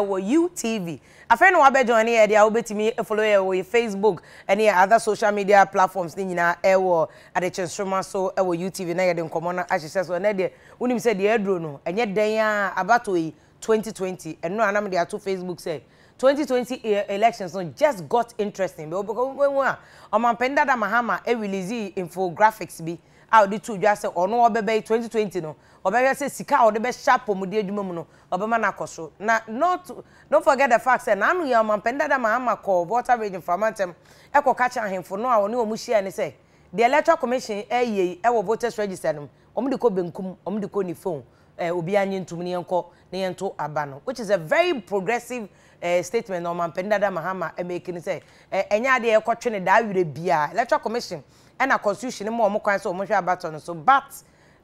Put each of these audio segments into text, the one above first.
wɔ utv afei no wabɛjoin ne yɛ deɛ a wobɛtumi follow yɛ wɔ facebook ɛne other social media platforms ne nyinaa ɛwɔ adekyɛnsoma so ɛwɔ utv na yɛde nkɔmmɔ no ahyehyɛ so ɛnɛ deɛ wonim sɛ deɛ aduro no ɛnyɛ dɛn a abato yi 2020 ɛno a nam de ato facebook sɛ 2020 e, elections no just got interesting bɛ wɔbɛkɔ wɔn mu a ɔmampɛn dada mahama ɛrelease infographics bi. a the two just sɛ ɔno ɔbɛbɛyi 2020 no ɔbɛhwɛ say sika a ɔde bɛhyɛ apɔmuden adwuma mu no na not don't forget the fact sɛ na yɛ ɔmampɛn dada ma ama water region farmer ntɛm ɛkɔ kakyɛ ahemfo no a ɔne wɔn hyia ne the electoral commission ɛyɛ yi voters register no wɔn benkum phone which is a very progressive statement na ma ɛna constitution mu wɔn kwan sɛ wɔn hwɛ abatɔ no so but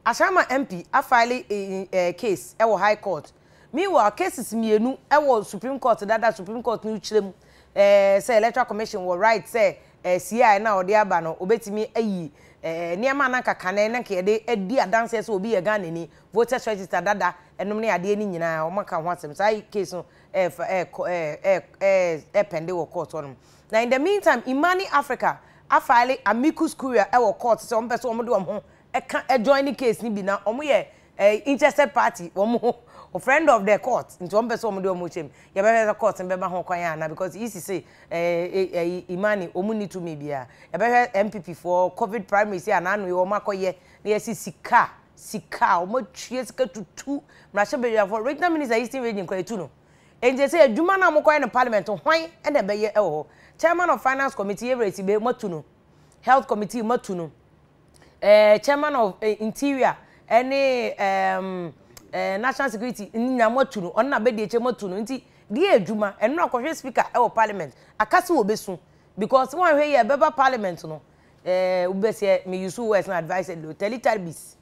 ahyɛnma mp afile ɛɛ eh, ɛɛ eh, eh, case ɛwɔ high court meanwhile cases mmienu ɛwɔ supreme court dada supreme court no kyerɛ mu ɛɛ sɛ electoral commission wɔ right sɛ ɛɛ si a ɛna ɔde aba no obetumi ayi ɛɛ nneɛma anankaka na ɛna kɛyɛde ɛdi adanseɛ sɛ obi yɛ ghana ni voters register dada ɛnum ne adeɛ ne nyinaa wɔn aka ho asɛm saa case no ɛɛ ɛɛ ɛɛ ɛɛ ɛɛ pɛnde wɔ court hɔ nom na in the meantime imani africa afaale amicus curia ɛwɔ court sɛ wɔn pɛ sɛ wɔn de wɔn ho ɛka ɛjoin ne case ni bi na wɔn yɛ ɛɛ interested party wɔn ho o friend of the court nti wɔn pɛ sɛ wɔn de wɔn ho kyɛm yɛbɛhwɛ sɛ court bɛba ho kwan yɛn ana because yisi sɛ ɛɛ ɛɛ imani wɔn ni tumi bia yɛbɛhwɛ npp for covid primaries yɛ ananu yɛ wɔn akɔyɛ na yɛsi sika sika wɔn atwie sika tutu mmarahyɛ bɛyiafo regional minister eastern region kɔ etu no nti sɛ adwuma naa wɔn kɔyɛ no parliament hwan ɛna ɛbɛyɛ ɛwɔ hɔ chairman of finance committee yɛ rate bɛ matu health committee matu no ɛɛ chairman of eh, interior ɛne ɛɛm ɛɛ national security nyina matu no ɔno na bɛ die kyɛ matu no nti deɛ adwuma ɛno akɔhwɛ speaker e ɛwɔ parliament akasi wɔ bɛ because wɔn ahwɛ yɛ beba parliament no ɛɛ wobɛsɛ mi yusu wɔ na advise the tɛlitarbis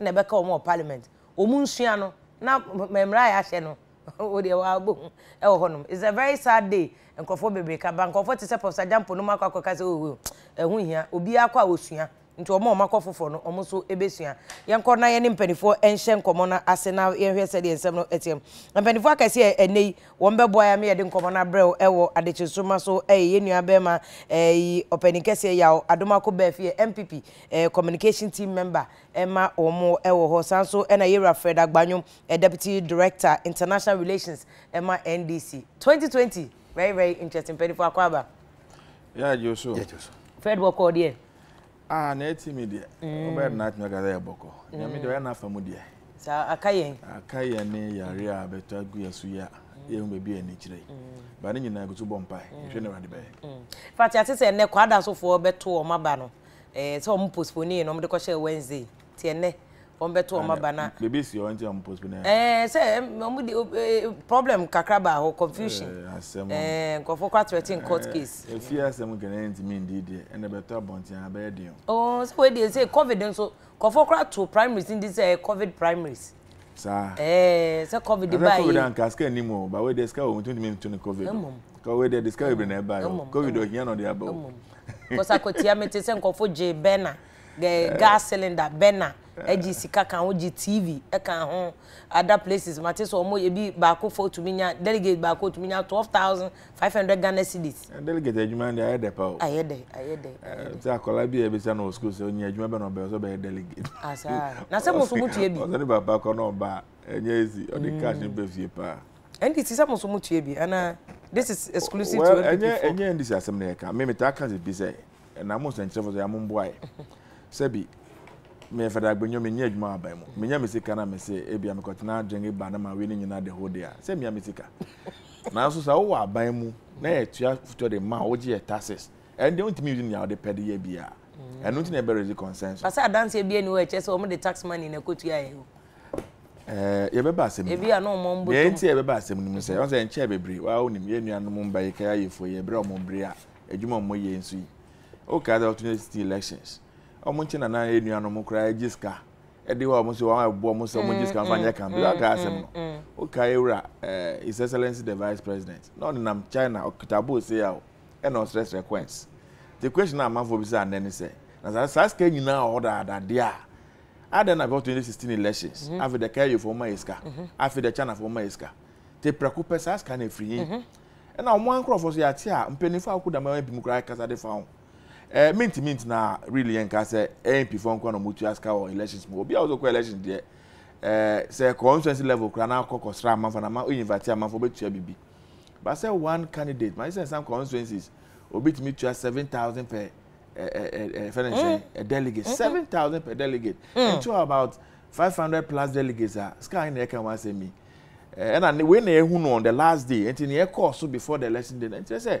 ɛna ɛbɛka beka omo parliament wɔn nsua no na memra ya ahyɛ no o deɛ waabɔ mu ɛwɔ it's a very sad day nkurɔfoɔ bebree kaba nkurɔfoɔ te sɛ pɔsagyampo no mu akɔ akɔka sɛ owo ɛho hia obiara akɔ a osua nti ɔmo ɔmo akɔ foforɔ no ɔmo nso ebesua yɛn kɔ na yɛn ne mpanimfoɔ nhyɛ nkɔmɔ na ase na yɛn hwɛ sɛ deɛ nsɛm no ɛteɛ mu mpanimfoɔ akɛseɛ ɛnɛ yi wɔn bɛboa yɛn ama yɛde nkɔmɔ na abrɛw ɛwɔ adekyesoma so ɛyɛ yɛn nua bɛrima ɛyi ɔpanin kɛseɛ yaw adomako bɛɛfi npp ɛɛ communication team member ɛma wɔn ɛwɔ hɔ san so ɛna yɛwura fred agbanyo deputy director international relations ɛma ndc 2020 very very interesting mpanimfoɔ akɔ aba. yàrá jẹ oṣù. fred wọkọ ọdí ẹ ah neti ɛti mi deɛ ɔbɛyɛ na atumi aka sɛ yɛ bɔkɔ nyame deɛ na afa mu deɛ saa aka yɛn aka yɛn ne yare a bɛtɔ agu yɛ so yɛ a yɛhu baabi yɛ n'akyire ba ne nyinaa kutu bɔ mpae nhwɛ ne wade bɛyɛ fati ate sɛ ɛnɛ kwada sofoɔ bɛto ɔmo aba no ɛɛ sɛ ɔmo postpone yɛn na ɔmo wednesday tiɛ nɛ wɔn bɛto wɔn aba na. beebi si wɔn ti wɔn post bi na. ɛɛ sɛ wɔn de problem kakra ba hɔ confusion ɛɛ nkɔfo kora tirɛti court eh, case. efi asɛm gɛnɛ ntumi ndi deɛ ɛna bɛtɔ abɔnten abɛyɛ den. ɔɔ sɛ wɔn de sɛ covid nso nkɔfo kora to primaries ndi sɛ eh, covid primaries. saa ɛɛ sɛ covid ba yi. ɛna covid anka sika ni mu o ba wei de sika wo tuntun mi tu ni covid. ɛmɔm kɔwei de sika ebire na ɛba yi covid o hiya na ɔde aba o. kɔsakotia mi ti sɛ nkɔfo gye bɛna gas cylinder bɛna ɛgye sika ka ho gye tv ɛka ho other places mate sɛ ɔmo ebi baako fo tumi nya delegate baako tumi nya twelve thousand five hundred ghana cedis. delegate adwuma de ayɛ dɛ pa o. ayɛ dɛ ayɛ dɛ. sɛ akɔla bi a ebi sa na o school sɛ onye adwuma bɛ na ɔbɛ sɛ ɔbɛyɛ delegate. asa na sɛ musu mu tie bi. ɔsɛ ne papa kɔ na ɔba ɛnyɛ esi ɔde cash ne bɛ fie paa. ndc sɛ musu mu tie bi ana uh, this is exclusive well, to ndc. ɛnyɛ ɛnyɛ ndc asɛm na yɛ ka mímita aka si bi sɛ ɛnna mo nsɛnkyerɛfo sɛ yamu mbɔ ayɛ sɛbi meyɛ fɛdɛ agbɛnyɔ menyɛ adwuma aban mu menya me sika na mese ebi mekɔtena gyenge ba na ma wei ne nyinaa de ho de a sɛ mia me sika nanso sɛ wowɔ aban mu na yɛtua futuo de ma a wogye yɛ taxes ɛndeɛ wontumi yi nea wode pɛ de yɛ a ɛno nti na ɛbɛredi consensus pasɛ adansi ebi ne wɔ ɛkyɛ sɛ de tax money na ɛkɔtua yɛ o eh, yɛbɛba asɛm ebi anɔ ɔmɔ mbɔ yɛn ti yɛbɛba asɛm mu sɛ ɔsɛ nkyɛn bebree wa onim yɛn nuanom mba e yi kɛyɛ ayɛfo yɛ ebere ɔmɔ bere a adwuma ɔmɔ elections ɔmo nkyi nana yɛ nuanom koraa gye sika ɛde hɔ a ɔmo sɛ wɔn ɛbu ɔmo sɛ ɔmo gye sika nfa mm, mm, nyɛ kan bi mm, aka asɛm no oka ewura ɛɛ eh, his excellence the vice president na ɔne nam china ɔkuta bowl se a ɛna ɔsrɛsrɛ coins the question a amanfoɔ bi sɛ anɛ ne sɛ na saa saa sika nyinaa ɔwɔ daadadeɛ a adan na bɛ 2016 elections afei dɛ kɛyɛ fɔ ɔmo ayɛ sika mm-hmm. afei dɛ china fɔ ɔmo ayɛ sika te prɛko pɛ saa sika na efiri yie mm-hmm. ɛna ɔmo ankorɔfoɔ so yɛ ate a mpanyinfoɔ akɔ dama mu koraa e kasa de fa ho eh, mint mint na really yɛn ka sɛ amp fɔ nkɔ na ɔmo asika wɔ elections mu obi a ɔso kɔ elections deɛ eh, sɛ constituency level kura na akɔ kɔsra amanfo na ma oyin vati amanfo bɛ tua bibi but sɛ one candidate maa yi sɛ some constituencies obi tumi tua seven thousand per eh, eh, eh, fɛnɛsɛn a mm. delegate seven thousand per delegate mm. ntu about five hundred plus delegates a sika ayi na yɛ ka wɔn asɛm yi ɛna wei na yɛ hu no on the last day nti ni yɛ kɔɔ so before the election day na nti e sɛ.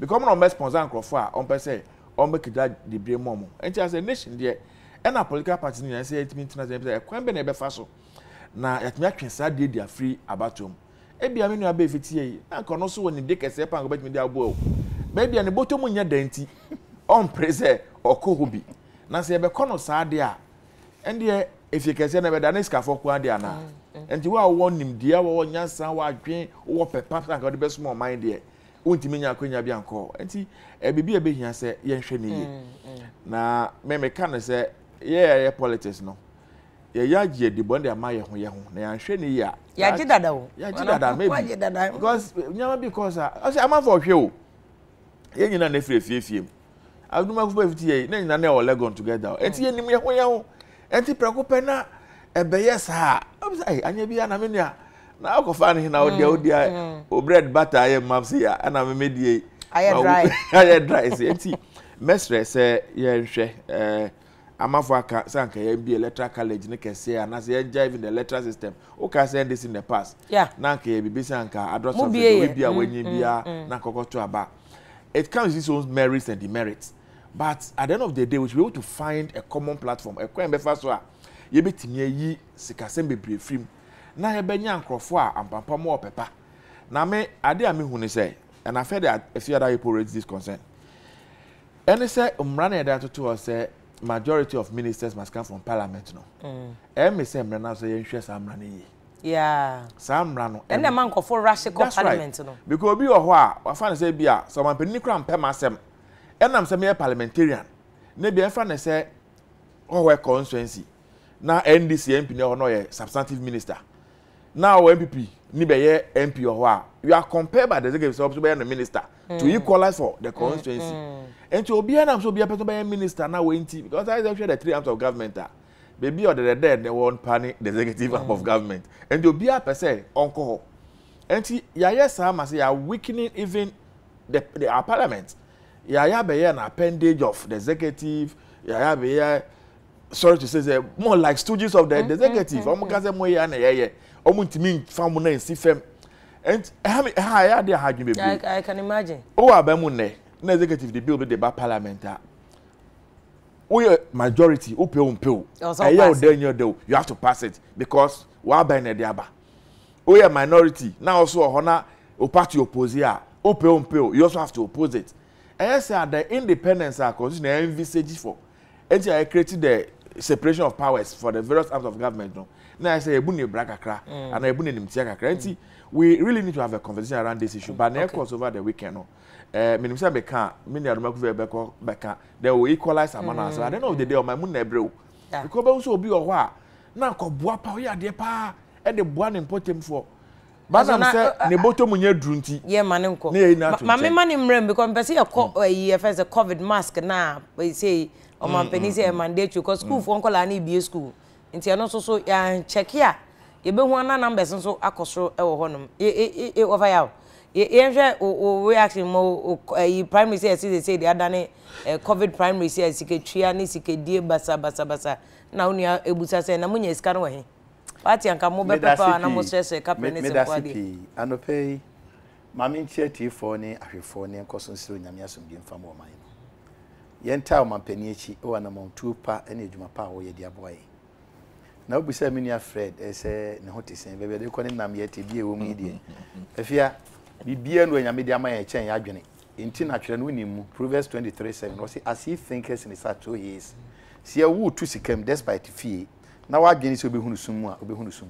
because ɔmo na ɔmo sponsor nkorɔfo a ɔmo pɛ sɛ ɔmo kejia debire mu ɔmo nti asɛ nation deɛ ɛna political party nyinaa sɛ yɛtumi tena sɛ ɛbɛsɛ ɛkwan bɛ na ɛbɛfa so na yɛtumi atwe saa deɛ deɛ afiri abato mu ebi ame nua bɛ efiti yɛ yi na nka ɔno nso wɔ ne de kɛseɛ pan kɔ bɛtumi de aboa o beebi a ne bɔtɔ mu nyɛ dan ti ɔmpere sɛ ɔkɔ hɔ bi na sɛ yɛbɛkɔ no saa deɛ a ɛndeɛ efie kɛseɛ na ɛbɛda ne sikafo kura deɛ ana nti wo a wɔwɔ nimdeɛ wɔwɔ nyansa wɔadwen wɔwɔ pɛpa sanka wɔde bɛsoma ɔman deɛ wontumi nya akɔnya bi ankɔ nti eh, biribi a ɛbɛhia sɛ yɛnhwɛ ne yie mm, mm. na mɛmɛka no sɛ yɛyɛ politics no yɛyɛ agye adibɔ de ama yɛ ho yɛ ho na yɛanhwɛ ne yie a yɛagye dada o yɛagye dada maybe because eh, nyama bi kɔɔ sa ɔsɛ amanfo ɔhwɛ o yɛn nyinaa na ɛfiri afiefie mu adumafo bɛɛ fiti yɛyi na nyinaa na legon together ɛnti mm. yɛnim yɛ ho yɛ ho ɛnti prɛko pɛ na ɛbɛyɛ saa ɔbɛsɛ ɛyɛ anya bi anamenua na akɔfa ne hena ɔdeɛ wodeɛ mm, mm. o bread butter ayɛ mam se a ana memɛ die ayɛ dry ayɛ dry sɛ nti mɛsrɛ sɛ yɛnhwɛ amafo aka sɛ anka yɛbie electoral college ne kɛseɛ anaasɛ yɛgya even the electoral system woka sɛ this in the past na anka yɛbibi sɛ anka adrɔsafbi a wanyi mm, biara na akɔkɔto aba it comes with its own merits and demerits but at the end of the day we should be able to find a common platform ɛkwan bɛfa so a yɛbɛtumi ayi sikasɛm bebree firim na yɛbɛnya nkurɔfoɔ a ampampa mu ɔpɛpa na me ade a mehu ne sɛ ɛna afɛ de afiada yipo raise this concern ɛne sɛ mmara na yɛde atoto hɔ sɛ majority of ministers must come from parliament no mm. ɛmi sɛ mmara no so yɛnhwɛ saa mmara no yie saa mmara no ɛna ma nkɔfo rahyɛ kɔ parliament no Biko obi wɔ hɔ a wafa ne sɛ bi a sɛ ɔmampanin kora mpɛ ma asɛm ɛnam sɛ meyɛ parliamentarian ne bi ɛfa ne sɛ ɔwɔ constituency na ndc mp ne ɔhɔ no yɛ substantive minister now MPP, ni be ye mp wɔ hɔ you are compared by the executive sɛ ɔbɛyɛ no minister mm. to hmm. equalize for the constituency hmm. And to be nti obiara nam be a person by a minister now. wɔn ti because I sɛ ɔhwɛ the three arms of government a ah. beebi the ne wɔn pa ne the executive arm of hmm. government nti obiara pɛ sɛ ɔnkɔ hɔ nti yɛayɛ saa ma sɛ yɛ are weakening even the the our parliament yɛayɛ abɛyɛ an appendage of the executive yɛayɛ abɛyɛ sorry to say say more like stooges of the, mm -hmm. the executive ɔmo ka sɛ mo yɛ ana ɔmo ntumi nfa mu na nsi fam ɛha ɛyɛ adeɛ aha adwene bebree i can imagine owó abɛn mu nnɛ na executive de bill bi de ba parliament a woyɛ majority wopew mpew ɛyɛ ɔdɛ nyɛ ɔdɛ o you have to pass it because w'abɛn na ɛde aba woyɛ minority na ɔso wɔ hɔ na o party oppose a wopew mpew you also have to oppose it ɛyɛ sɛ ada independence a constitution ɛyɛ envisage for ɛnti a yɛ create the separation of powers for the various arms of government no na ayɛ sɛ yɛbu ne bra kakra mm. anaa yɛbu ne nimtia kakra mm. nti we really need to have a conversation around this issue but mm, na yɛ course over the weekend no menim eh, sɛ meka me ne adomakuvi bɛkɔ bɛka then we equalize our manners. asɛ at the end of the day ɔma uh, uh, mu na ɛbrɛ o because bɛhu sɛ obi wɔ hɔ a na akɔboa pa ɔyɛ adeɛ paa ɛde boa ne mpɔtamfoɔ banam sɛ ne bɔtɔ mu nyɛ duru nti yɛ ma ne nkɔ ne yɛyi n'ato nkyɛn ma mema ne mmerɛ mu because mpɛ sɛ yɛkɔ ɛyi yɛfɛ sɛ covid mask na sɛ ɔmampanin sɛ ɛmande atwi kɔ sukuufoɔ nkɔlaa ne ebie sukuu nti ɛno nso so yɛankyɛke a yɛbɛhu ana numbers nso akɔ soro wɔ hɔnom ɔfa yɛ o yɛnhwɛ o reaction ma o ayi primary sɛ yɛsi sɛ de adane covid primary sɛ sikatua ne sikadie basabasabasa na wo nua ebusa sɛ na monya sika no wɔ he paati anka mo bɛpɛpɛ a na mo srɛsrɛ kapɛ ne sɛ kɔ adeɛ anɔpɛ yi maame nkyerɛ tiefoɔ ne ahwɛfoɔ ne nkɔ so nsirɛ onyame asomdwe mfa ma wɔ man no yɛntaa ɔmampani akyi ɛwɔ anamɔntuo pa ne adwuma pa a wɔyɛ de aboa yɛ na wobisa me nua fred ɛsɛ eh, ne ho te sɛn baabi ɛde kɔ ne nam yɛte bia ɛwɔ mu yi deɛ afia bibia no anyame de ama yɛ kyɛn yɛ adwene nti na twerɛ no wonim mu proverbs 23:7 ɔse as ye thinkers in his heart so he is sɛ yɛwo tu sikam despite fie na woadwene sɛ wobɛhunu sum mu a wobɛhunu sum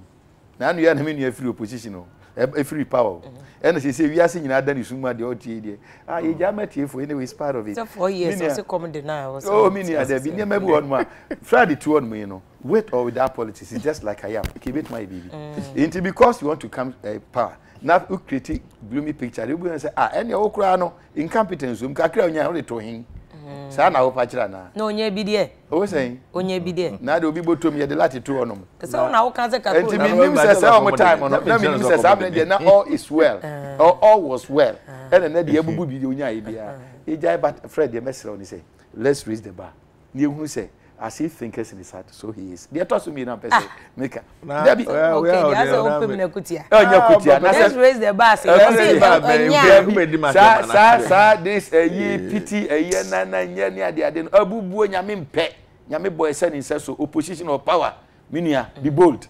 na anoyɛ na me nua firi opposition o efiri eh, eh, power ɛna mm-hmm. eh, sɛ wiase nyinaa da ne suma deɛ ɔtie deɛ a yɛgya ama ah, mm-hmm. tie fo anyway is part of it so for years ɔsɛ kɔm de na oh mini ada bi nneɛma bi wɔ nom a friday two on me, you know. with or without politics it's just like i am Keep it my baby nti mm. because you want to come uh, power Now, o create gloomy picture You o bu yɛn ah any ɛwɔ koraa no incompetence o mu kakra onyaa de to hin. Mm. saa na wofa kyerɛ anaa na ɔnyɛ bi deɛ ɔwɔ sɛn ɔnyɛ bi deɛ na de obi bɔtɔm yɛde late to ɔnom sɛ wo na woka sɛ kakro nti menim sɛ sɛ ɔmo time no na menim sɛ saa mene deɛ na all is well mm. or all was well mm. ɛna na deɛ abubu bi deɛ ɔnyaayɛ biara ɛgyae but fred deɛ mɛserɛ wo ne sɛ let's raise the bar na yɛhunu sɛ as he thinketh in his heart, so he is. Deɛ tɔ to me now, sɛ meka. Dabi okay deɛ asɛ o pɛm na kutia. Ɛ ɔnyɛ kutia na sɛ. Let's raise the bar sɛ ɔsi ɔnya. Saa saa saa this ɛyi eh, eh. piti ɛyi eh, ɛnana nyɛ ni adi adi no abubuo nyame mpɛ nyame bɔ ɛsɛ ne nsa so opposition or power mi nua ah, be bold.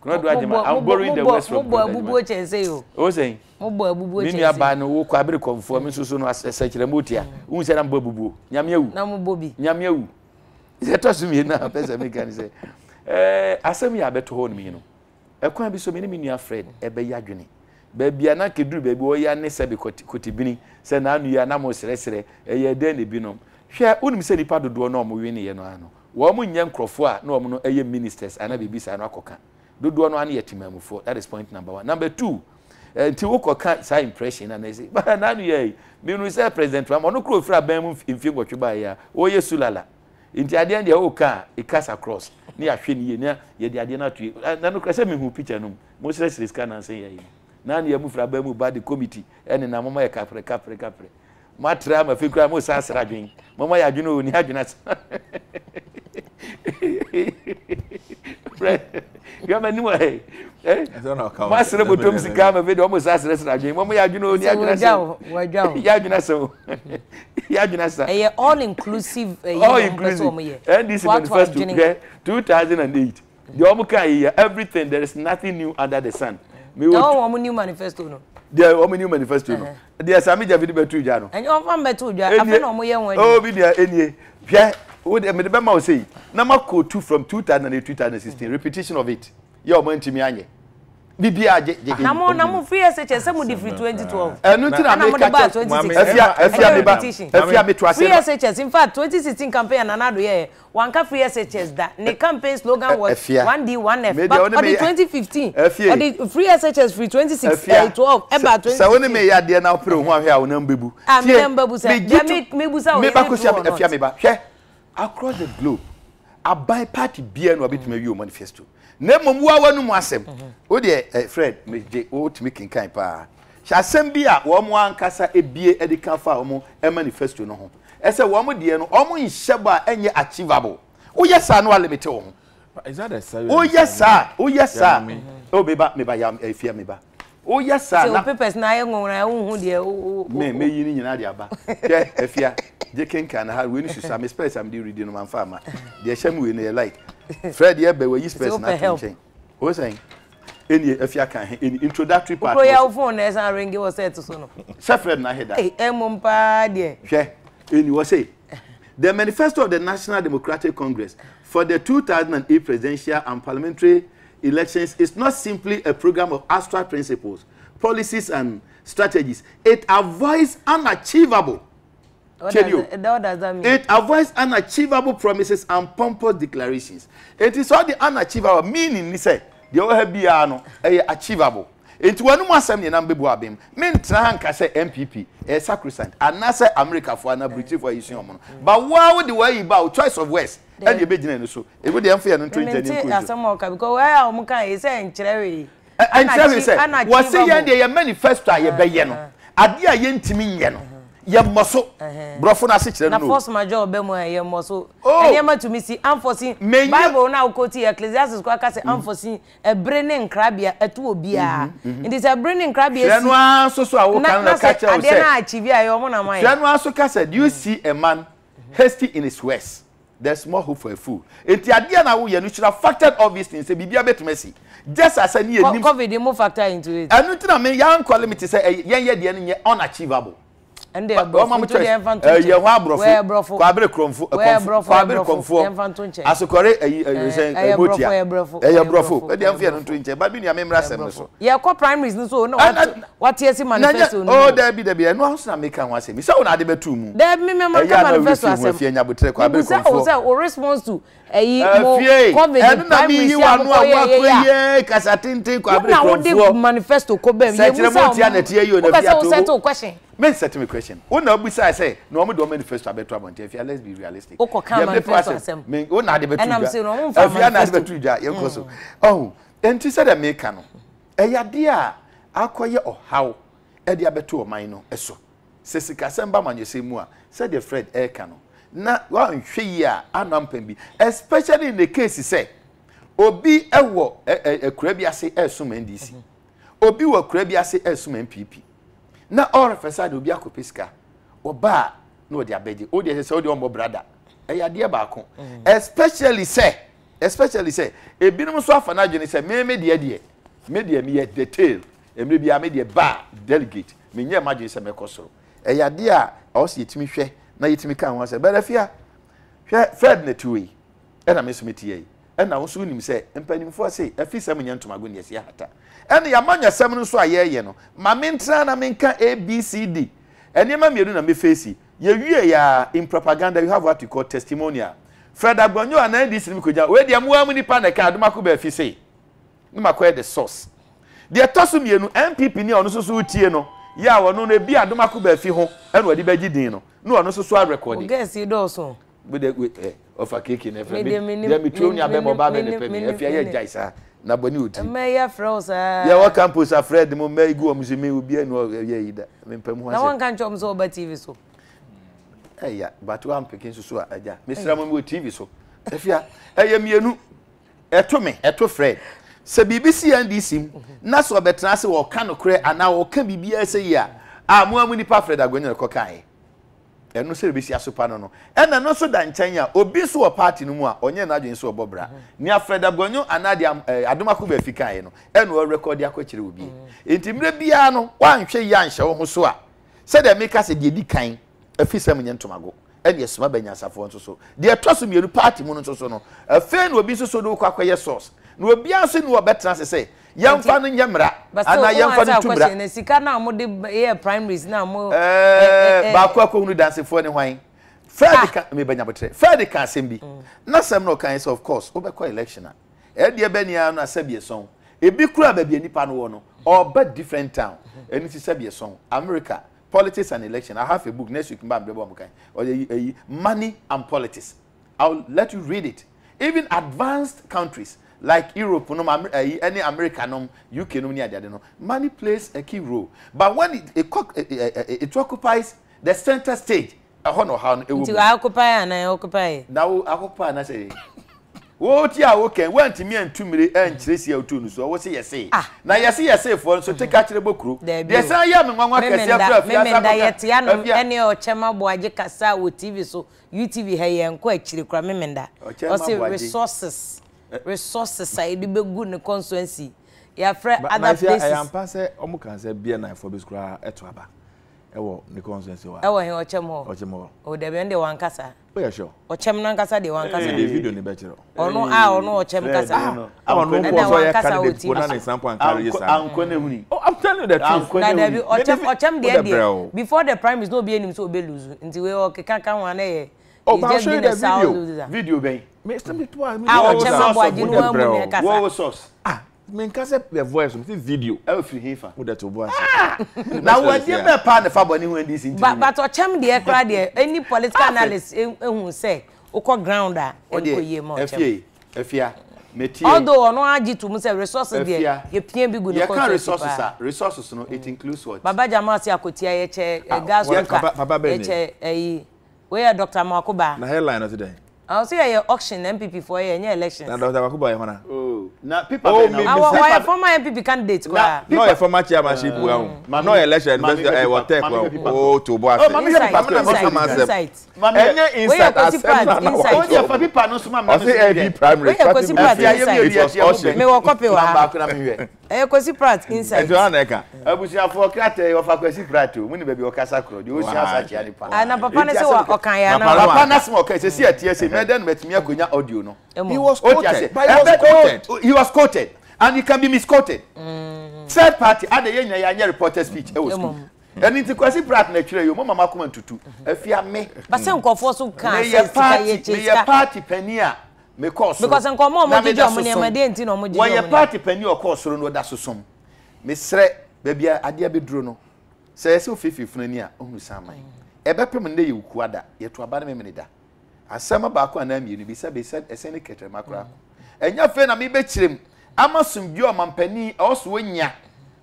Kuna do adima I'm borrowing the west from. Mo bɔ abubuo kyɛnse o. O sɛn. Mo bɔ abubuo kyɛnse. Mi nua baa no wo kɔ abiri kɔnfoɔ mi soso no asɛkyerɛ mo tia. N sɛ na mo bɔ abubuo. Nyame ewu. Na mo bɔ bi. Nyame ewu ɛtɔ so mmienu a pɛ sɛ meka ne sɛ ɛɛ asɛm yɛ abɛto hɔ no mmienu ɛkwan bi so mi ne mi nua fred ɛbɛyɛ adwene baabi a na keduru baabi wɔyɛ ne sɛbi kotibini sɛ n'anu yɛ anam srɛsrɛ ɛyɛ dɛn ne binom hwɛ wonim sɛ nipa dodoɔ na ɔmo wini yɛ no ano wɔn nyɛ nkorɔfoɔ a na wɔn no ɛyɛ ministers ana biribi saa no akɔka dodoɔ no ano yɛ temamufoɔ that is point number one number two nti wokɔka saa impression na n'asi baa n'anu yɛ yi minu sɛ president ram ɔno kuro fira bɛn mu mfie nwɔtwe baa yɛ a wɔyɛ sulala nti adeɛ deɛ ɔka a ɛkasa cross ne yɛahwɛ no yie na yɛde adeɛ no atoe ah, na no kora sɛ mehu picture no mu mosrɛsrɛ sika nansɛ yɛyi na ne yɛmu fra ba mu ba de committee ɛne na moma yɛ kaprɛ kaprɛ kaprɛ matra ama afei koraa mosa asra adwen moma yɛ adwene ɔni adwene asa gama ni wa eh, eh? masere ko tom sika ma video mo sasere sere adwen mo ya adwene oni adwene so ya adwene so ya adwene so eh all inclusive eh, all inclusive and this is manifest to 2008 the omo kai everything there is nothing new under the sun me wo no omo new manifesto no deɛ wɔn ni manifesto no uh-huh. deɛ sami jabi de bɛ tu gya no. ɛnyɛ wɔn fan bɛ tu gya afɛn na wɔn yɛ wɔn oh, deɛ enie hwɛ mede bɛma wo sei na makɔ two, from 2008 2016 repetition of it yɛ ɔma ntumi anyɛ bibia je je na mo na mo free SHS se mo di free 2012 enu ti na make catch afia afia me ba afia me to ase free SHS in fact 2016 campaign na na do ye wan ka free SHS da ne campaign slogan was 1D 1F but on 2015 on the free SHS free 2016 eba 20 se woni me ya de na opere ho ahia wo na mbebu ah, tie mbebu se me me busa wo me ba ko sia afia me ba hwe across the globe abai party bia no abetuma wi o manifesto na mmom wo awa mu asɛm mhm. wo deɛ fred megye wotumi kenkan paa hyɛ asɛm bi a wɔn ankasa ebie de ka fa wɔn manifesto no ho ɛsɛ wɔn deɛ no wɔn nhyɛ bɔ a ɛnyɛ achievable woyɛ saa no alimite wɔn woyɛ saa woyɛ saa o meba oh, meba ya efia eh, meba woyɛ saa na papers na ayɛ ŋɔnra ɛwuhu deɛ o me me yi ni nyinaa de aba hwɛ efia eh, gye kenkan na ha wei ni susa me spɛs am de redi no ma nfa ama deɛ ɛhyɛ mu wei no like fred yɛ bɛ wɔyi spɛs na to nkyɛn o sɛn ɛni efi aka hɛn ɛni introductory part. okoro yawo phone na ɛsan ringi wɔ sɛ ɛto so no. sɛ fred na aheda. ee eh, eh, ɛmu paa deɛ. hwɛ ɛni wɔ se the manifesto of the national democratic congress for the 2008 presidential and parliamentary elections is not simply a program of abstract principles policies and strategies it avoids unachievable. Tell you. That, what does that mean? It avoids unachievable promises and pompous declarations. It is all the unachievable meaning. He said, the other BR no, achievable. It was no one na mbebu abem. Men tranka say MPP, a sacrosanct, and nasa America for an British for his own. But why would the way about choice of words? And you begin so. It would be unfair and twenty. Because where I'm kind is saying, Cherry. And Cherry said, was saying there are manifesto I obey. Adia yentimi yeno yɛmmɔ so borɔfo no ase kyerɛ no na force major ɔbɛ mu a yɛmmɔ so nneɛma tumi si amfosi bible no a wokɔ ti ecclesiastes kɔ aka sɛ amfosi mm-hmm. ɛbere ne nkrabea ɛto wɔ biara mm-hmm, mm-hmm. nti sɛ ɛbere ne nkrabea si hwɛ nso so a wokan na ka kyerɛ wo sɛ adeɛ no akyi bi ɔmo na ma yɛ hwɛ no nso ka sɛ do you see a man hasty in his ways, there is more hope for a fool nti adeɛ na woyɛ no should have factored all these things sɛ biribia bɛtumi asi just as ɛne yɛ nim covid mo factor into it ɛno nti na me yɛankɔle me te sɛ yɛnyɛ deɛ no nyɛ unachievable ɛnde ɛbrɔfo ɛyɛ ho aborɔfo kwabere kurɔmfo kwabere kurɔmfo asokɔre ɛyi ɛyɛ ɛmotia ɛyɛ brɔfo ɛyɛ brɔfo ɛdi ɛnfo yɛ no nto nkyɛn babi nua memra sɛm ne so. yɛkɔ primaries ni so o na wate esi manifesto ni. o dɛbi dɛbi ɛnu ahosuo na meka ho asɛm isawo na ade bɛ tu mu. dɛbi mi mɛ maka manifesto asɛm ɛyɛ anawurisi mu efi ɛnyabotere kwabere kurɔmfo ɛyi mo covid time mi si akokɔ yɛ yɛ yɛ kasa tenten kɔ abiri kurɔfoɔ wuna wode manifesto ko bɛm yɛ musa ɔmo wopɛ sɛ wosɛ to question. me set me question wona obisa sɛ na ɔmo de ɔmo manifesto abɛto abɔnten afia let's be realistic. o kɔ kan manifesto asɛm me wona ade bɛtu dwa ɛnam se na ɔmo nfa manifesto afia na ade bɛtu dwa yɛn kɔ so ɔhun nti sɛ dɛ meka no ɛyɛ adeɛ a akɔyɛ ɔhaw ɛde abɛto ɔman no ɛso sɛ sikasɛm ba amanyɔsɛm mu a sɛdeɛ fred ɛɛka no na wanhwɛ yi a anampɛn bi especially in the case sɛ obi wɔ akura bi ase ɛsom ndc obi wɔ akura bi ase ɛsom npp na ɔrefɛ sa de obi akɔpɛ sika ɔbaa na ɔde abɛgye ɔde ɛsɛ sɛ ɔde ɔmɔ brada ɛyɛ adeɛ baako especially sɛ especially sɛ ebinom nso afa n'adwene sɛ mmemme deɛ deɛ mmemme deɛ meyɛ detail mmemme bi a mmemme deɛ baa delegate menyɛ mmadwene sɛ mɛkɔ soro ɛyɛ adeɛ a ɔsɛ yɛtumi hwɛ na yɛtumi ka ho sɛ bɛrɛfia hwɛ fred ne tuo yi ɛna me so metie yi ɛna wo nso wonim sɛ mpanimfoɔ se afi sɛm nyɛ ntomago ne yɛsi ahata ɛne yɛama nyasɛm no nso a yɛreyɛ no ma mentena na menka abcd ɛnneɛma mmienu na mefeesi yɛwie ya in propaganda we have what you call testimonial fred agbanyo a nan di sinimu kogya wei deɛ mmoa mu nipa na ɛka adoma ko baafi sei ne ma kɔyɛ the source deɛ ɛtɔ so mmienu npp ni a ɔno nso so no yɛ a wɔno no ebi adoma ko baafi ho ɛna wɔde bɛgye din no na ɔno eh, eh, nso so arekɔde. ɔgɛɛsi dɔɔso. wede we ɛ ɔfa keeki na ɛfɛ mi deɛ mi tuo ni abɛmɔ ba bɛ ne pɛ mi ɛfi ayɛ gya isa na bɔ ni o ti. mɛ yɛ frɛ o saa. yɛ wɔ campus afrɛ de mo mɛ igu ɔmu si mi obi ɛnu ɔyɛ yi da mi mpɛ mu hɔ sɛ. na wɔn nka nkyɛn mu sɛ ɔba tv so. ɛyà bàtú wa mpeke nsoso a ɛgya mesra mo mi wɔ tv so ɛfia ɛyɛ mienu ɛto mi ɛto frɛ sɛ biribi si ndc mu na sɛ ɔbɛtena ase wɔ ɔka nokorɛ anaa ɔka biribi ɛsɛ yi a a ah, mo amu nipa frɛ dagonya na ɛkɔ kaa yɛ ɛno sɛ rebɛsi aso pa no no ɛna no nso da nkyɛn a obi nso wɔ party no mu a ɔnyɛ n'adwene nso ɔbɔ bra ne afrɛda bɔnyo anaade eh, adomako baafi kaeɛ no ɛna ɔrekɔde akɔkyerɛ obi nti mmerɛ biara no woanhwɛ yi anhyɛ wo ho so a sɛdeɛ meka sɛ deɛ di kan afi sɛm nyɛ ntomago ɛne ɛsoma banyansafoɔ nso so deɛ ɛtɔ so mmienu party mu no nso so no afei na obi nso so de wokɔ akɔyɛ source na obi ase na ɔbɛtena ase sɛ yɛmfa no nyɛ mmara anaa yɛmfa no tu mmara sika na mode yɛ primaries na mo baako akɔhunu dansefoɔ ne hwan fɛde ah. ka mebɛnya botrɛ fɛde ka asɛm bi mm. na sɛm no ɔkan sɛ of course wobɛkɔ election a ɛdeɛ bɛnia no asɛbiɛsɔn ebi kura baabi a nipa no wɔ no mm-hmm. ɔba different town mm-hmm. ɛni ti sɛbiɛsɔn america politics and election i have a book next week mba mbɛbɔ ɔmo kan money and politics I'll let you read it even advanced countries like Europe no eh, any American, no UK no ni adade no money plays a eh, key role but when it it, it, eh, it occupies the center stage ɛhɔ na ɔhaw no ewu mu nti occupy ana occupy na wo occupy ana sɛ wọ́n ti a wọ́n kẹ́ń wọ́n ti mi ẹ̀ ń túmìrì ẹ̀ ń kyerè sí ẹ̀ tó nìṣọ́ wọ́n sì yẹ sí. na yẹ sí yẹ sí fọ́ nso tí kákyerè bó kuro. dẹ̀bi o yẹsẹ̀ yẹ mi wọn wọn kẹsí ẹ fúra fúra sábà kan. yẹtì yanu ẹni ọ̀kyẹ́ má bọ̀ ajé kasa wọ tv so utv hẹ yẹn nkọ́ ẹ̀kyerè kura mímìnda ọ̀sẹ̀ resources resources a yɛde bɛgu ne constituency yɛafrɛ other places. ba ɛyà mpa sɛ ɔmo kan sɛ bia na ɛfɔ bi kura ɛto aba ɛwɔ ne constituency wa. ɛwɔ hɛn ɔkyɛm hɔ ɔkyɛm hɔ o dɛbɛ n de wɔn ankasa. o yɛ sɔ. ɔkyɛm n'ankasa de wɔn ankasa. ɛɛ video ni bɛ kyerɛ. ɔno a ɔno ɔkyɛm kasa. Ah, ah, a ɔno nkɔ sɔ yɛ candidate ko na ne sampo ankara yɛ anko ne wuni. Oh, i'm telling you the truth. anko ne ɔkyɛm deɛ deɛ before the prime minister n'obi enim so obe lose nti wei ɔkeka kan wa ne yɛ. Oh, but I'll show you the video. Ah. Video, Ben. Mr. Mitwa, I will check my boy. You know what was sauce? Ah, me nka se the voice me video e fi hifa wo that obo ase na wo die be pa the fabo ni when this interview but but ochem de kra de any political ah, analyst ehun e se ukọ ground a enko ye mo ochem efia metie although ono agi to me se resources there ye pien bi gu no concept resources a resources no it mm. includes what baba jama se akotia ye che eh, ah, gas cooker Baba che eh wei yɛ dr makoba na headline of today also yɛ yɛ auction npp for yɛ nye elections. na dr bakuba yɛ hɔna. Oh, na pipa bɛ oh, na awɔ ɔyɛ former npp candidate kura. na ɔyɛ former chairmanship wa eh, eh, o eh, oh, ah, na ɔyɛ election ɛ wɔ tech wa o to bɔ ase. inside inside ɛnyɛ inside asɛm na na wa o yɛ fa pipa no suma mɛ ɔsi ɛbi primary party group it was auction. mi wɔ kɔpi wa ha ɛyɛ kosi prat inside. ɛtò hàn ɛka. abusuafo ɔkratɛ ɔfa kosi prat o mu ni bɛbi ɔkasa kuro de o si asa kyi alipa. na papa ne se wa ɔkan ya na. na papa na sɛ ɔkan sɛ si ɛtiɛ e e sɛ ɛhɛn dɛn mɛtumi akonya audio no. he was quoted he was quoted he was quoted and he can be misquoted. Mm. third party adeyɛ nyɛ yɛ anyɛ reporter speech ɛwɔ school ɛni ti kwasi prat na atwere yi o mo mama kuma ntutu efi ame. basɛ nkɔfoɔ so kan sɛ sika yɛ kye sika meyɛ party panyin a mekɔ soro because nkɔmɔ ɔmo gyegye ɔmo nneɛma deɛ nti na ɔmo gyegye ɔmo nneɛma wɔyɛ party panyin ɔkɔ soro na ɔda sosom mesrɛ baabi a adeɛ bɛduro no sɛ ɛsɛ ofeefee funani a ɔhunu saa man ɛbɛpem ne yɛ okuada yɛto aba ne memene da asɛm baako anaa mmienu bi sɛbe sɛ ɛsɛn ne kɛtɛrɛma koraa ɛnya fɛ na mebɛkyerɛ mu ama somdwe ɔmampanin ɛwɔ so wɔnya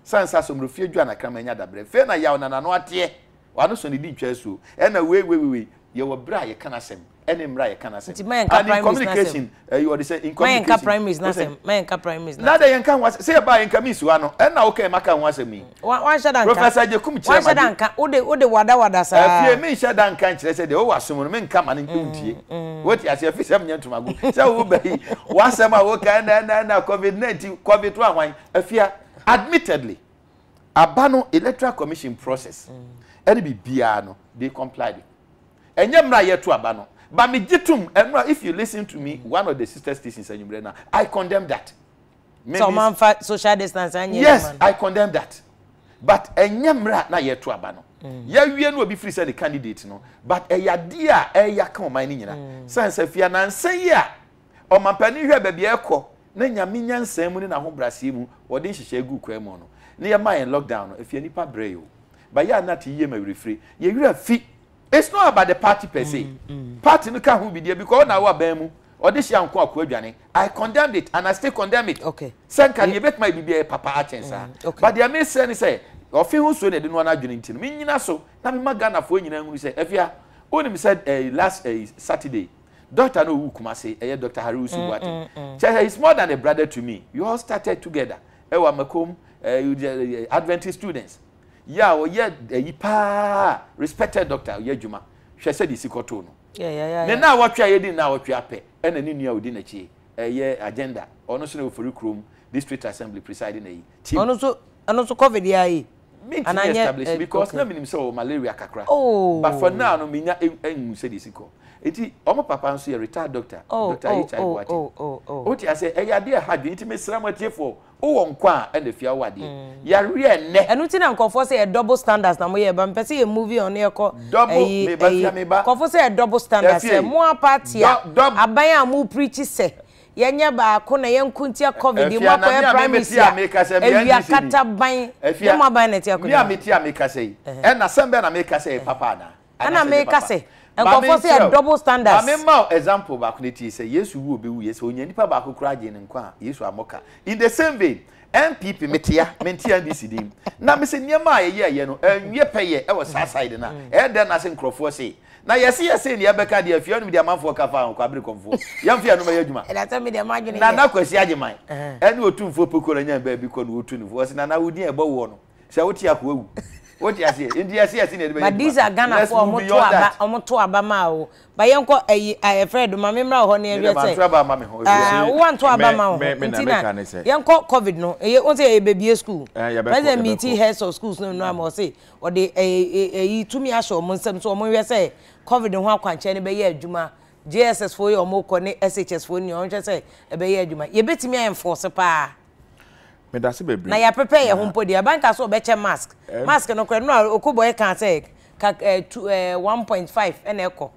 sansa somrofie dwa nakrama nya dabrɛ fɛ na yaw na nano ateɛ wano so ne di ntwa suo ɛna wei wei wei yɛwɔ berɛ a yɛka no asɛm ɛne mmra yɛ kana sɛ and in communication ɛyi wɔde sɛ in communication mayɛnka primaries n'asɛm mayɛnka primaries n'asɛm n'ada yɛnka ho asɛm sɛ yɛba yɛnka mi siwa no ɛna okɛ ma ka ho asɛm yi wanhyɛ da nka professor jekum kyerɛ ma de wanhyɛ da nka wode wode wada wada saa afie mi nhyɛ da nka nkyerɛ sɛ deɛ wɔwɔ asom no mi nka ma ne mm, ntie mm. wɔte aseɛ fi sɛm nyɛ ntoma gu sɛ wo ba yi wasɛm a wɔka ɛna ɛna ɛna covid nineteen covid to ahwan afia admittedly abano electoral commission process mm. ɛne bi biara no they complied ɛnyɛ mmra yɛto aba no But me jitum, and if you listen to me, one of the sisters teachings in brenna. I condemn that. Maybe so man fa social distance and Yes, man. I condemn that. But enyamra na ye to abano. Ya wie no be mm. free say the candidate no. But eya dia eya kan oman ni nyina. Mm. Sense afia na nsen ye a omampani hwe ba bia ekọ na nyame nyansan mu ne na ho brase mu wode hyehyɛ gu kwa mu no. Ne ye man lockdown no afia nipa brɛ yo. Ba ya na te ye ma refree. Ye wura fi it's not about the party per se mm, mm. party no ka ho bi deɛ because ɔna awa bɛn mu ɔde hyɛ anko akɔ adwane i condemned it and i still condemn it okay sɛ nka deɛ ebɛtuma ebi bi yɛ papa akyɛn saa mm, okay but deɛ mi sɛ ni sɛ ɔfi ho so na ɛde no ana adwene nti no mi nyina so na mi ma ghana foɔ nyinaa ehunu sɛ ɛfia onim sɛ ɛɛ eh, last ɛɛ eh, saturday doctor no owu kumase ɛyɛ doctor harry usu buate mm, mm, he is more than a brother to me we all started together ɛwɔ amakom ɛɛ eh, adventist students yɛ a ɔyɛ ɛyi paa respected doctor ɔyɛ adwuma hwɛ sɛ de si kɔtoo no ne na awɔtwe a yɛdi na awɔtwe apɛ ɛna ne nua odi n'akyi ɛyɛ agenda ɔno nso na ofori kurom district assembly presiding ɛyi team ɔno nso ɔno so covid yɛ ayi ananyɛ ɛɛ because na minim sɛ ɔwɔ malaria kakra oh but for now no mi nya ehu sɛ de si kɔ nti ɔmo papa nso yɛ retired doctor oh, doctor oh, hiv wate wote oh, oh, asɛ ɛyɛ adeɛ ha dwe nti mesra mu atiefoɔ wowɔ nkwa a ɛna fia wo adeɛ hmm. yareɛ nnɛ ɛno nti na nkɔfoɔ sɛ yɛ double standards na moyɛ ba mpɛ sɛ yɛ movie ɔne ɛkɔ kɔfoɔ sɛ yɛ double standards sɛ mo apate a aban a mo preachi sɛ yɛnyɛ baako na yɛnko ntia covid mu akɔyɛ primaries a awia kata ban ne mo aban na ɛtia kɔ mi a meti a mekasa yi ɛna sɛm bɛ na mekasa yi papa anaa ɛna mekasa yi nkɔfo sɛ yɛ double standards. maame ma example baako ne ti sɛ yesu wu obi wu yɛ sɛ onye nipa baako kura agye ne nkwa a yesu amɔka in the same vein npp metea mente ndc dim na mesɛ nneɛma a yɛyɛ yɛ no ɛnwiɛ pɛyɛ ɛwɔ saa side no a mm. ɛyɛ dɛn na se nkurɔfoɔ se na yɛse yɛ sei ne yɛbɛka deɛ afia no mede amanfoɔ ka fa nkɔ abere kɔmfoɔ yɛmfe yɛ nomɛyɛ adwuma nana kwasi agyeman ɛne ɔtumfoɔ pokoro nya baabi kɔ no wɔtu no fo ɔse nana wodin ɛbɔ woɔ no sɛ wote akoa wu What you see? India see see na But these are Ghana for omo to aba omo to aba ma o. Ba yen ko eh, eh eh Fred ma me mra ho na ewie say. Ah, wo want to aba ma o. COVID no. Eh won say eh baby school. President meeting heads of schools no no I must say o de eh eh, eh tumi ahye omo nsem so omo wie say COVID ho akwanche ne be ye adwuma. JSS for your moko ne SHS for ni on just say e eh, be ye adwuma. Ye betimi enforce pa medase bebree na ya prepare ho mpo deɛ ɛbanka so wɔbɛkyɛ mask eh. mask no korɛ no a okobɔyɛ ka sɛ ka eh, eh, one point five ɛna ɛkɔ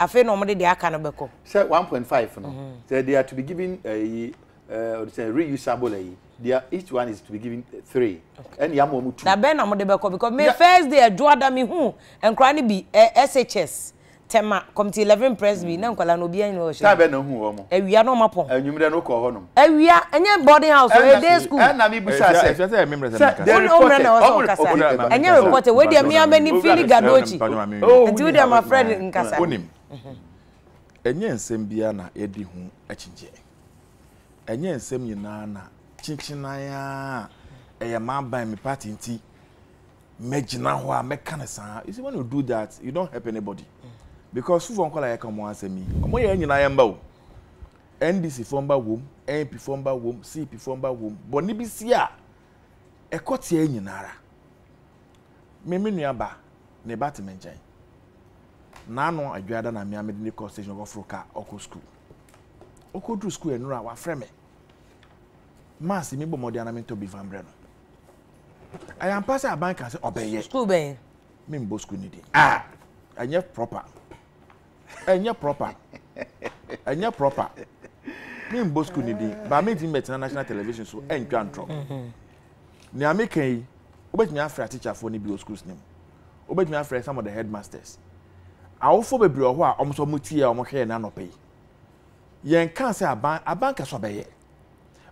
afei na ɔmode deɛ no bɛkɔ sɛ one point no sɛ they are to be given ɛyi uh, uh, reusable ɛyi they are each one is to be given three ɛna yɛ ama wɔn two na bɛn na ɔmode bɛkɔ because me first day ɛdoa da mi hu nkora no bi ɛshs tema committee 11 presby na nkwala no bia nyina o hye tabe na hu wo mo awia no mapo anwumre no ko ho no awia enye boarding house o day school na mi busa se se se memre se meka the report na o kasa enye report we dia mi amani fili gadochi nti we dia my friend nkasa onim enye nsem bia na edi hu achinje enye nsem nyina na chinchinaya eye maban mi party nti megyina ho a meka ne saa you see when you do that you don't help anybody because fufo nkwala ya e ka mo asɛm yi ɔmo yɛ mba o ndc fo mba wom np fo wom cp fo mba wom bi si a ɛkɔ teɛ nyinara mmemme nuaba ne ba te me nkyɛn n'ano na mmea mede ne kɔ station ɔkɔforo ka ɔkɔ skul ɔkɔduru skul Enura a wafrɛ me maasi mi bɔ mɔden anam ntɔ bi fan brɛ no ayampa sɛ aban kan sɛ ɔbɛyɛ ɛnyɛ proper ɛnyɛ proper mi n bɔ sukuu ni di baami ti mɛtena national television so ɛntwa ntorɔ nea mi kɛn yi wobɛtumi afrɛ atikyafoɔ no bi wɔ schools no mu wobɛtumi afrɛ some of the headmasters awofoɔ bebree wɔ hɔ a ɔmo nso ɔmo tie a ɔmo hwɛ yɛn n'anɔpɛ yi yɛn kan sɛ aban aban kɛse ɔbɛyɛ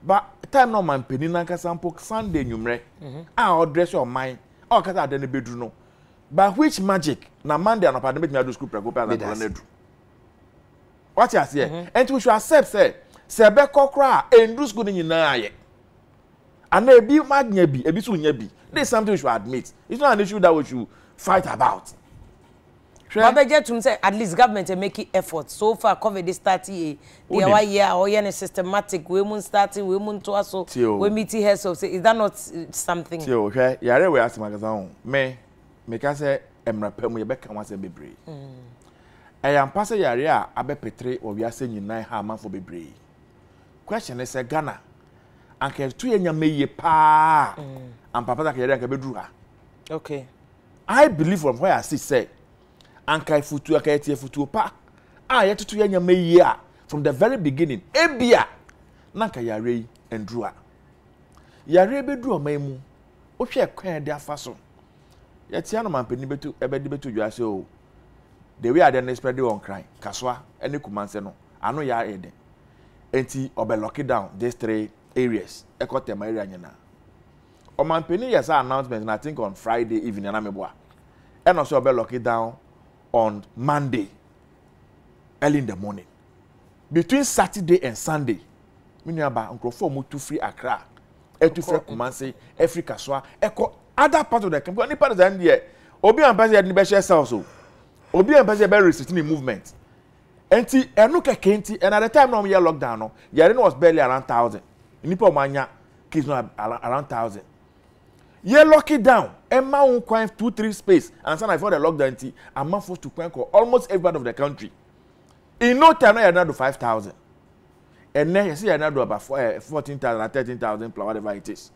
ba time na ɔman panin nankasa mpo sunday nwumrɛ mhm. a ɔdrɛ sɛ ɔman a ɔkasa adan no bɛduru no by which magic na monday anapa dem make me adu school prego pe anapa na edu what you say mm-hmm. and we should accept say sebe be kokra endu school ni nyina aye ana ebi magnya bi ebi so nya bi this is something we should admit it's not an issue that we should fight about Sure. But budget at least government are making effort. So far, COVID is 30 a the our year or any systematic women starting women to us so we meet here so is that not eh, something? Tio, okay. Yeah, we ask magazine. Me meka sɛ mmerɛ mu yɛbɛka ho asɛm bebree mm. ɛyɛ ampa sɛ yare a abɛpetere wɔ wiase nyinaa ha amanfo bebree question ne sɛ ghana anka to yɛ nyama yie paa mm. ampa pa sɛ anka anka bɛduru ha okay i believe from where i see sɛ anka efutuo anka yɛte efutuo pa a yɛtoto yɛ nyama yie a from the very beginning ebia na anka yare yi nduru a yare bɛduru ɔman mu wohwɛ kwan yɛ de afa so yɛte ano mampanin bɛtu ɛbɛde bɛtu dwa ase o the way adeɛ no spread wɔn kran kasoa ɛne kumanse no ano yɛ ayɛ den nti ɔbɛ lock down these three areas ɛkɔ tɛm area nyinaa ɔmampanin yɛ sɛ announcement na i think on friday evening anamibua ɛna ɔsɛ ɔbɛ lock down on monday early in the morning between saturday and sunday mi nua ba nkurɔfoɔ a wɔn tu firi accra ɛtu firi kumanse ɛfiri kasoa ɛkɔ other part of the camp any part of the time there obi and person yɛde bɛ hyɛ cells o obi and person yɛ bɛ restrict ne movement nti ɛnu kɛkɛ nti and at the time na wɔn yɛ lockdown no yɛde no was barely around thousand nipa wɔn anya kids no around thousand yɛ lock down ɛma wɔn kwan two three space ansa na before the lockdown nti forced to kwan kɔ almost every part of the country in no time na yɛde no do five thousand ɛnɛ yɛsi yɛde no do about eh, fourteen thousand or thirteen thousand plus whatever it is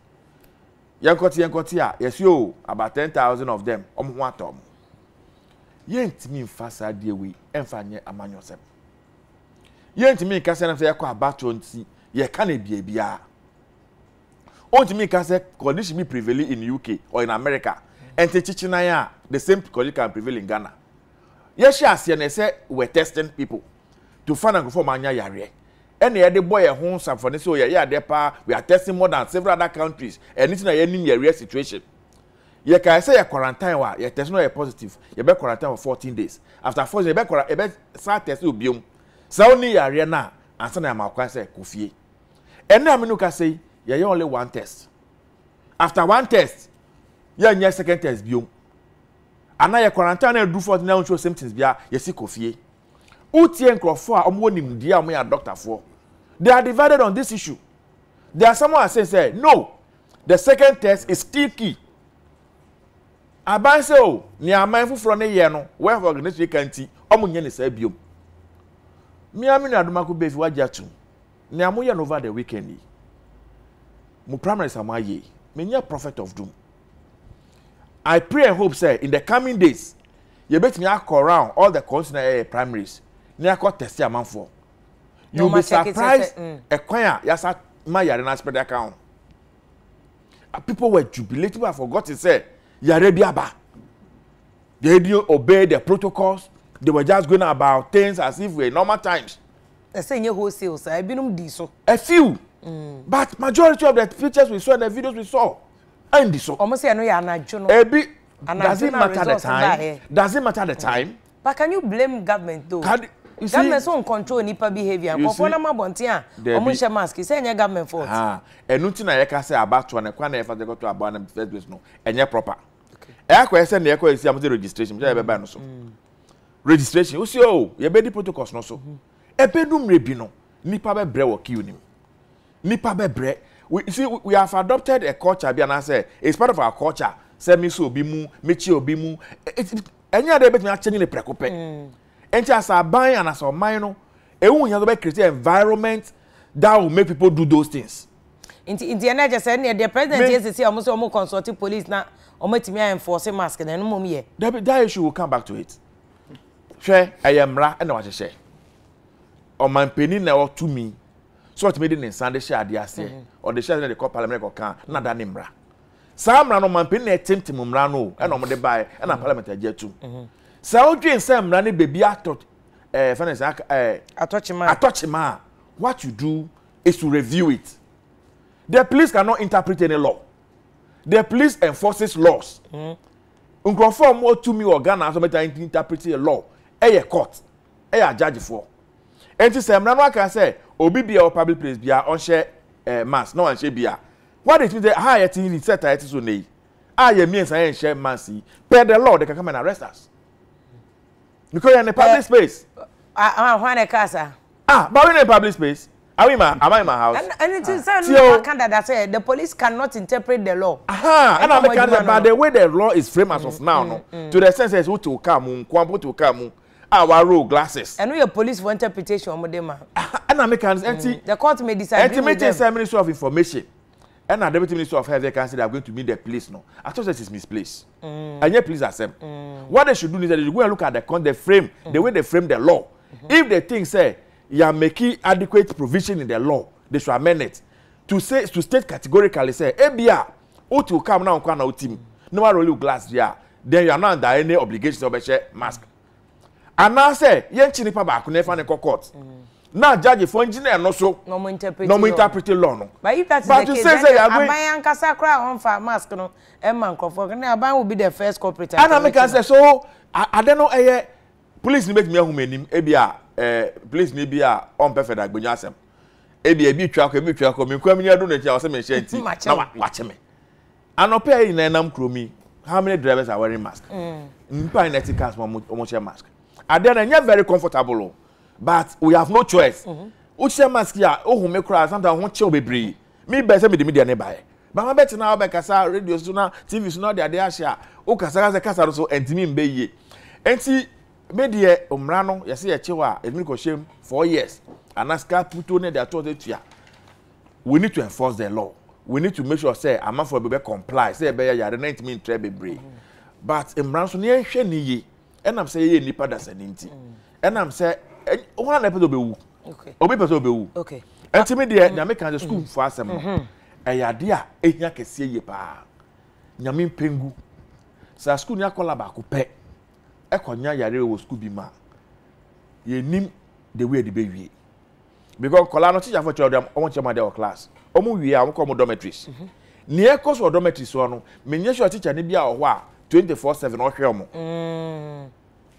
yɛnkɔte yɛnkɔte a yɛsi o about ten thousand of them ɔmo ho atɔ ɔmo yɛntumi nfa saa deɛ wei ɛnfa nyɛ amanyɔsɛm yɛntumi nka sɛ ɛnfɛ yɛkɔ abatɔ nti yɛka na ebie biara ɔntumi nka sɛ condition bi prevail in uk or in america ɛnti kyikyi nan a the same condition can prevail in ghana yɛhyɛ aseɛ na ɛsɛ we testing people to find out nkurɔfoɔ ɔmo anya yareɛ ɛna yɛde bɔ yɛn ho nsafɔni sɛ yɛyɛ adeɛ paa we are testing more than several other countries ɛni tina yɛn nim yɛ real situation yɛ kaa sɛ yɛ quarantine wa yɛ test no yɛ positive yɛ bɛ quarantine for fourteen days after fourteen yɛ bɛ kora yɛ bɛ saa test no biom saa oni yɛ areɛ na ansa na yɛ ma kwan sɛ kò fie ɛna aminu ka sɛ yɛ yɛ only one test after one test yɛ nyɛ second test biom ana yɛ quarantine na yɛ do fourteen na yɛ n so same things bia yɛ si kò fie. Who wotie nkurɔfoɔ a wɔwɔ nimdeɛ a wɔyɛ adɔktafoɔ they are divided on this issue there are some who are saying say no the second test is still key aban sɛ o oh, nea aman foforɔ ne yɛ no world health organization kan ti wɔn nyɛ ne saa biom miami na adomako beefi wagye atum nea mo yɛ no over the weekend yi mo primaries am ayɛ me nye prophet of doom i pray and hope say in the coming days yɛbɛtumi akɔ round all the continent ɛyɛ primaries na yɛakɔ tɛsi amanfoɔ you be surprised ɛkwan a yasa ma yare na spread account ah, people were jubilating but i forgot to say yare bi aba they didn't obey the protocols they were just going about things as if were normal times. ẹsẹ ìyẹn wholesale sa ebinom di so. a few mm. but majority of the pictures we saw and the videos we saw end di so. ọmọ sí ẹnu yà ànájọ náà. ebi does it matter the time does it matter the time. but can you blame government though you see government so n control nipa behaviour nkɔfoɔ nam abɔnten a ɔmo nhyɛ mask sɛ ɛnyɛ government fault. ɛnu ti na yɛ ka sɛ abatoɔ na kwan na yɛ fa to kɔtɔ na first place no ɛnyɛ proper Okay. akɔyɛ sɛ na yɛ kɔ esi amusɛ registration sɛ yɛ bɛ ba no so mm. registration o si o yɛ bɛ di protocols no so ɛbɛ num re bi no nipa bɛ brɛ wɔ kiw nim nipa bɛ brɛ we see we have adopted a culture bi anaasɛ it's part of our culture Say, me so obi mu me kyi obi mu e, e, e, ɛnyɛ adeɛ bɛ tumi akyɛ ne ne prɛko pɛ. Mm nti asa aban and asa ɔman no ewu yɛn to be create environment that will make people do those things. nti nti ɛnna ɛkyɛ sɛ ɛnna ɛdeɛ president yɛ sisi ɔmo sɛ ɔmo consult police na ɔmo etimi ayɛ enforce mask na ɛnum ɔmo yɛ. dabi that issue will come back to it hwɛ ɛyɛ mmara ɛna wahyehyɛ ɔmanpanin na ɛwɔ tumi so ɔtumi mm-hmm. de ne nsa de hyɛ adeɛ aseɛ ɔde hyɛ adeɛ na de kɔ parliament kɔ kan na da ne mmara saa mmara no ɔmanpanin na ɛtɛntɛn mmara no ɛna ɔmo de baeɛ ɛna mm-hmm. parliament agye atum. Mm-hmm sɛ wodwen sɛ mmara ne baabi atɔ ɛɛ fɛnɛ sɛ ɛɛ atɔkyima a what you do is to review it the police cannot interpret any law the police enforces laws hmm. nkurɔfoɔ a wɔn atumi wɔ ghana asɔ mɛta interpret a law ɛyɛ court ɛyɛ agyagyefoɔ nti sɛ mmara no aka sɛ obi bia wɔ public place bia ɔnhyɛ ɛɛ eh, mask na ɔnhyɛ bia what it mean say aha yɛ ti ni set a yɛ ti so ne yi a yɛ mmiɛnsa yɛ nhyɛ mask yi per the law they can come and arrest us because in the public uh, space. I'm why the casa? Ah, but we're in a public space. Are we in my, am I in my house? And, and it is ah. no Canada say the police cannot interpret the law. Aha, and I'm Canada, but the way the law is framed as mm, of now, mm, no, mm. to the sense who to come, who to come, our ah, rule glasses. And we are police for interpretation, Modema. And I'm Canada, mm, the court may decide. Ultimate Ministry of Information and our deputy minister of health can say they are going to meet the police now. i thought that is misplaced mm. and yet police are same mm. what they should do is that they go and look at the con the frame mm. the way they frame the law mm -hmm. if they think say you are making adequate provision in the law they should amend it to say to state categorically say ebia o ti o calm now nkwa na o ti no one roll you glass there then you are not under any obligation to obese mask and now say yen chi nipa baako na efa ne kɔ court. Mm na judge for engineer no so no mo interpret no mo interpret law no but if that is but the case then aban ankasa kra on fa mask no e man kofo na aban will be the first corporate and i make say so i don't know eh police make me ahum enim e bia eh police ni bia on perfect agbenyu asem e bia bi twa ko bi twa ko me kwam nya do na tia o se me hye nti na wache me anope e na nam kromi how many drivers are wearing mask mm. mpa in etiquette mo mo share mask and then e very comfortable but we have no choice wokyerɛ mm-hmm. mask a ohun mi koraa sometimes ho kyew bebree mi bɛ sɛ mi de mi deɛ ne ba yɛ bàmà bɛ tena ɔbɛ kasa radio so na tv so na ɔde adeɛ ahyɛ a o kasa kasa kasa do so ɛntumi mbɛ yie ɛnti mi deɛ mmara no yɛsɛ yɛ kyew a ɛdini kɔ hyɛm four years anaska puto ne de ato ɔde tua we need to enforce the law we need to make sure say amanfoɔ bɛ bɛ comply sɛ ɛbɛyɛ yare na ɛntumi ntrɛ bebree mm-hmm. but mmara nso ne yɛn hwɛ ne yie ɛnam sɛ yɛyɛ nipa dasa ne nti ɛnam mm wọn na pɛ sɛ ɔbɛwu obi pɛ sɛ ɔbɛwu ɛtumi deɛ nyame kan sɛ sukuu fo asɛm no mm-hmm. ɛyɛ adeɛ a ehia kɛseɛ yie paa nyame mpengu saa sukuu ni akɔla baako pɛ ɛkɔnya yare wɔ sukuu bi ma yɛnim the way de bɛ wie because nkɔla no teacher fo kyerɛ ɔdɛm ɔmo kyerɛ mo adeɛ wɔ class ɔmo wie a ɔmo kɔ ɔmo dormitories mm-hmm. nea ɛkɔ so wɔ dormitories wɔ no menyɛ sure teacher ni bi a ɔhɔ a twenty four seven ɔhwɛ ɔmo. Mm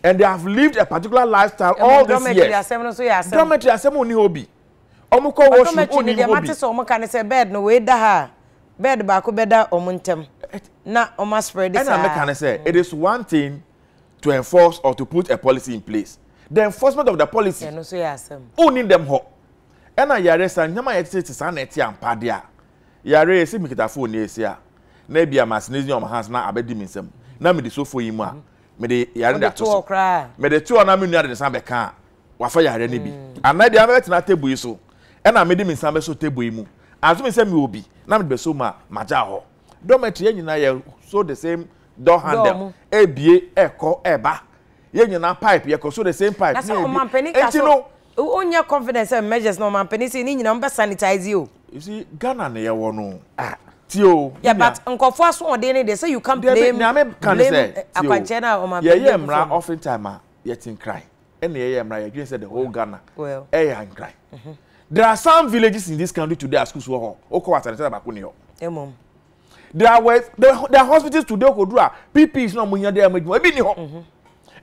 and they have lived a particular lifestyle e all these years. Dormitory asem oni obi. Omo ko washroom oni obi. Dormitory so omo kan say bed no we da ha. Bed ba ko beda omo ntem. Na omo spread this. And I can say it is one thing to enforce or to put a policy in place. The enforcement of the policy. Eno so yasem. Who need them ho? And I yare san nyama yete te san eti ampa dia. Yare esi mikitafo oni esi a. Na bia masnezi on hands na abedi minsem. Na me de sofo yi mu a. Mm -hmm mede yare de ato so mede tuo na me nua de nsa bɛka wafa yare ne bi mm. anaa deɛ abɛtena table yi so ɛna mede me nsa bɛso table yi mu aso me sɛ me obi na mede bɛso mu a magya hɔ dormitory yɛn nyinaa yɛ so the same door handle ebie ɛkɔ ɛba yɛn nyinaa pipe yɛkɔ so the same pipe ne ebi eti no onye confidence and measures na ɔmampanin si ne nyinaa ɔmbɛ sanitize yi o. you see ghana ni yɛ wɔ no. ah ti o. yeah but nkɔfo asoɔden ne de say you can blame blame eh, akwankyɛn na ɔma blame. yɛyɛ mmara often time a yɛte nkran ɛna yɛyɛ mmara yɛdwi sɛ the whole ghana Well, eh, ɛyɛ cry. there are some villages in this country today as schools wɔ hɔ okɔ wa asarete baako ni mom. there were where there, are hospitals today okodu a pp is not mo nya there mo edwuma ebi ni hɔ. Mhm.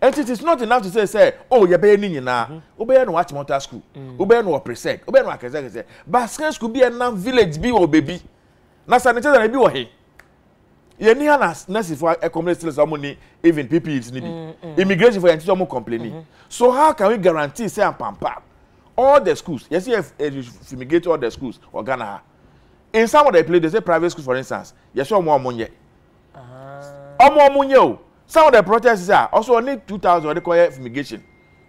and it is not enough to say say oh yɛbɛyɛ ni nyinaa mhm. wobɛyɛ no watch atimɔta school mm. wobɛyɛ no wɔ presec wobɛyɛ no wɔ akɛsɛkɛsɛ basket school bi ɛnam village be wɔ baby na sɛ ne kyɛ sɛ ebi wɔ he yɛni ha na nursefoɔ ɛkɔmle still sɛ ɔmo ni even ppes ni bi mm, mm. immigration for yɛn ti sɛ ɔmo complaining mm-hmm. so how can we guarantee say ampampa all the schools yɛsi yɛ eh, fumigate all the schools wɔ ghana ha in some of the places, they say private schools for instance yɛsɛ ɔmo ɔmo nyɛ ɔmo ɔmo nyɛ o some of the protests a ɔsɔ ɔne two thousand ɔde kɔyɛ fumigation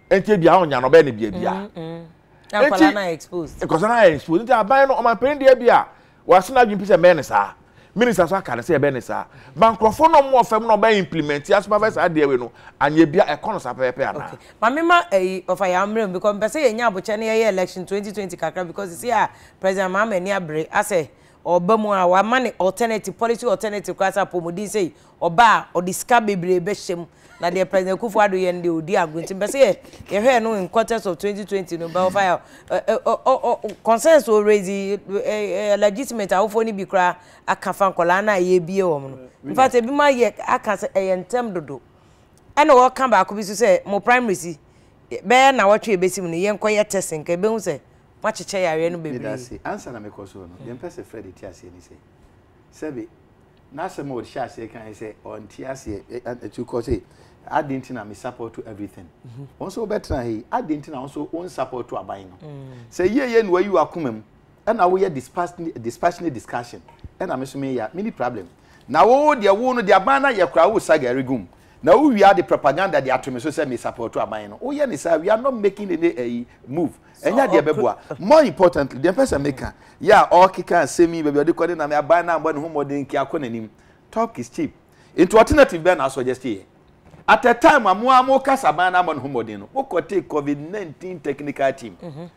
nti ebi ahɔn nyanɔ bɛyɛ ne bia bia mm, nti nkɔsa na yɛ exposed eh, nti aban no ɔmo apɛn deɛ bia wase no adwene pi sɛ mɛyɛ ne saa minister so aka ne sɛ yɛbɛ ne saa ma no ɔmo ɔfam no ɔbɛ implement ya supervise saa deɛ no anyɛ bia ɛkɔ no saa pɛpɛpɛ ana. okay maame ma ɛyi eh, ɔfa yà mmerɛ mu because mpɛ sɛ yɛn nyɛ abɔkyɛ ne yɛyɛ election twenty twenty kakra because si a president mahama ni abere asɛ ɔba mu a wama ne alternative policy alternative kora sɛ apɔmuden sɛ ɔba a ɔde sika bebree bɛhyɛ mu na deɛ president kufu ado yɛ no deɛ odi agro nti mpɛ sɛ yɛhwɛ no in quarters of 2020 no bɛwɔ fire concerns o raise legitimate awofoɔ no bi koraa aka fa nkɔlaa no a yɛbie wɔ no infact ebi ma yɛ aka sɛ ɛyɛ ntɛm dodo ɛna wɔka baako bi so sɛ mo primary si bɛyɛ na wɔtwe ebesi mu no yɛnkɔ yɛ testing ka ebehu sɛ wakyekyɛ yareɛ no bebree. Bidase ansa na mekɔ so no yɛn pɛ sɛ Fred ti aseɛ ni sɛ sɛbi n'asɛm a ɔhyɛ aseɛ kan sɛ ɔnte aseɛ ɛtu kɔ sɛ adị ntị na me support everything wọn nso bɛtena ha yi adị ntị na nso wọn support aban no sɛ yie yie na you wɔ akoma mu ɛna wɔyɛ dispassionate discussion ɛna me nso me yɛ mini problem na wɔwɔ deɛ wɔwɔ no deɛ aban na yɛ kora wɔwɔ saga erigum na wɔwia de propaganda de ato me so sɛ me support aban no wɔyɛ ne saa we are not making any ɛyi eh, move ɛnya deɛ bɛboa more importantly the person maker. yɛ all ɔkeka say me. baabi ɔde kɔ ne nam aban na abɔ ne ho mɔden nkia kɔ n'anim talk is cheap nti alternative bɛn na asɔ just at a time amu amu kasaba na amu homodin no wokɔ take covid 19 technical team. Mm -hmm.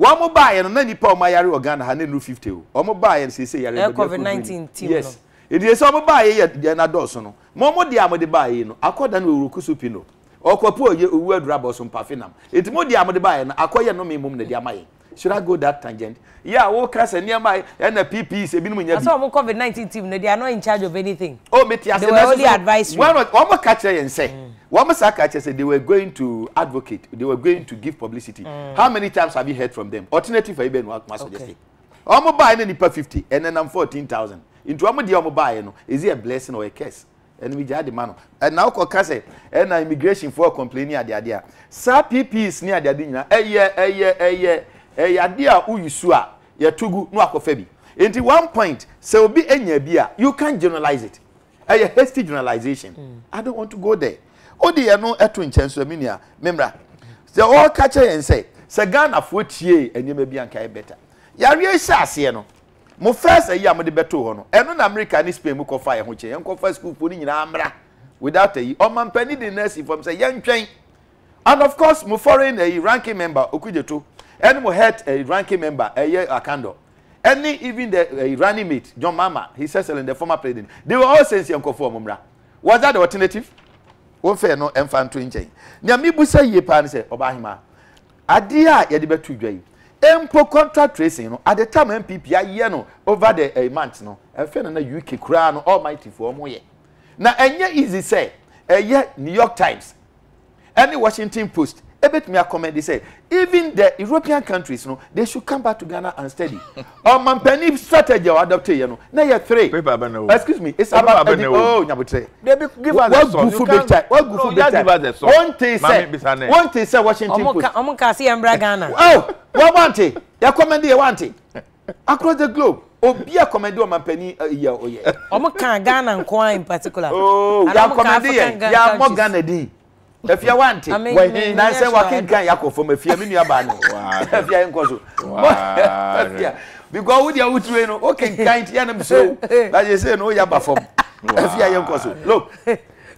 wɔn mo baa yɛn no na nipa ɔmo ayare wɔ ghana ha ne nu fifty o wɔn mo baa yɛn sese yare ɛbɛdi eh, covid nineteen team no yes edie sɛ wɔn baa yɛ yɛ yɛn na dɔɔso no mo mo di a mo de baa yɛ no akɔda no owurɔ kusu pino ɔkɔpo owu adura bɔ so mpafe nam eti mo di a mo de baa yɛ no akɔyɛ no mi mom na di ama yɛ should I go that tangent? Yeah, wo kra se niyama and the PPE se binu nyabi. Aso mo COVID-19 team they are not in charge of anything. Oh, me tiase. They were only advisory. Why One more catch here and say. Mm. One more catch say they were going to advocate. They were going to give publicity. Mm. How many times have you heard from them? Alternative for Ibn Wakma suggested. Omo buy na nipa 50 and then I'm 14,000. Into omo dey omo buy no. Is it a blessing or a curse? ɛnu mi had the man. And now, akɔ kasɛ ɛna immigration for complaining adeade a saa pps Hey, yeah, hey, eh, yeah, hey, eh, yeah ɛyɛ eh, adeɛ a woyi a yɛto gu na wakɔfa bi nti one point sɛ obi anya bi a you can generalize it ɛyɛ eh, hasty generalization mm. i don't want to go there odi yɛn no ɛto nkyɛn so ɛmi nia mmemmira sɛ ɔka kyerɛ yɛn sɛ sɛ ghanafoɔ tie nneɛma bi anka yɛ better yàrá ehyɛ aseɛ no mo first ayi a mo de bɛto hɔ no ɛno na america ne spain mu kɔfa yɛn ho kyɛn yɛn kɔfa school fo ne nyinaa mmra without ayi ɔman panyin de nurse fam sɛ yɛn twɛn and of course mo foreign ayi ranking member okudzeto animal health a eh, ranking member ɛyɛ uh, eh, akando any even the uh, running mate john mama says excellent the former president they were all sense nkɔfo ɔmo mumra. was that the alternative wọn fɛ no ɛnfa nto nkyɛn nea mi bu sɛ yie paa ni sɛ ɔbaa ahima adeɛ to dwa yi mpo contract tracing no at the time npp ayɛ no over the uh, month no ɛfɛ no na uk koraa no almighty for ɔmo yɛ na ɛnyɛ easy sɛ ɛyɛ new york times any washington post ebetumi akɔmɛdi say even the european countries no they should come back to ghana and study ɔmampanin strategy a wadɔpte yɛ no na yɛ three paper abɛnɛ wo excuse me it's about ɛdi oh nyabotire wagu fo big time wagu fo big time wɔn te sɛ one te sɛ washington post ɔmu ka se yɛn bra ghana oh wɔn wante yɛ kɔmɛdi yɛ wante across the globe obi a kɔmɛdi ɔmampanin eh, yɛ oyɛ. ɔmu kan ghana nkoa in particular. ooo yà kɔmɛdi yɛ yà mɔ ghana di efia wante na sɛ wakenkan yakɔ fam efia me nua baa ne efia yɛ nkɔ so efia because wo deɛ woturo yi Okay, wokenkan ti yɛnem so na yɛ sɛ no woyɛ aba fam efia yɛ nkɔ so look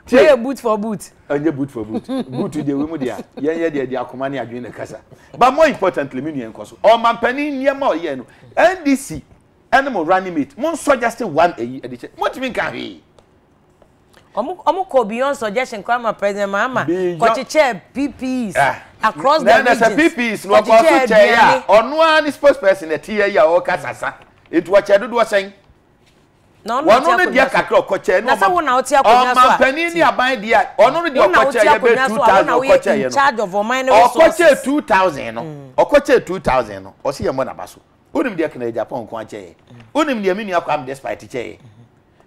tie yɛ boot for boot ɛnyɛ boot for boot boot deɛ wo mu deɛ yeah, yeah. deɛ deɛ akoma ne doing the kasa but more importantly me nua Oh, my ɔmampanin nneɛma ɔyɛ yeah. ndc ɛne running mate mo nsɔ just one ayi ɛde kyɛ mo tumi nka hwee. Omo kọ beyond suggestion kwa kwama president mahama kọchịchị ppes ah. across the regions na ppes na ọkọ ọsọ chẹ ya ọnụ a ni spokesperson eti ya ya ọka sasa etu ọchẹ dodo ọsẹn wọn ne deɛ kakra ɔkɔkyɛ ne ɔma panin ne aban deɛ ɔno ne deɛ ɔkɔkyɛ yɛ bɛ two thousand ɔkɔkyɛ yɛ no ɔkɔkyɛ two thousand no ɔkɔkyɛ mm. two thousand no ɔsi yɛ mɔ naba so onim deɛ kana japan nko akyɛ yɛ onim deɛ mi nua kɔ am despite kyɛ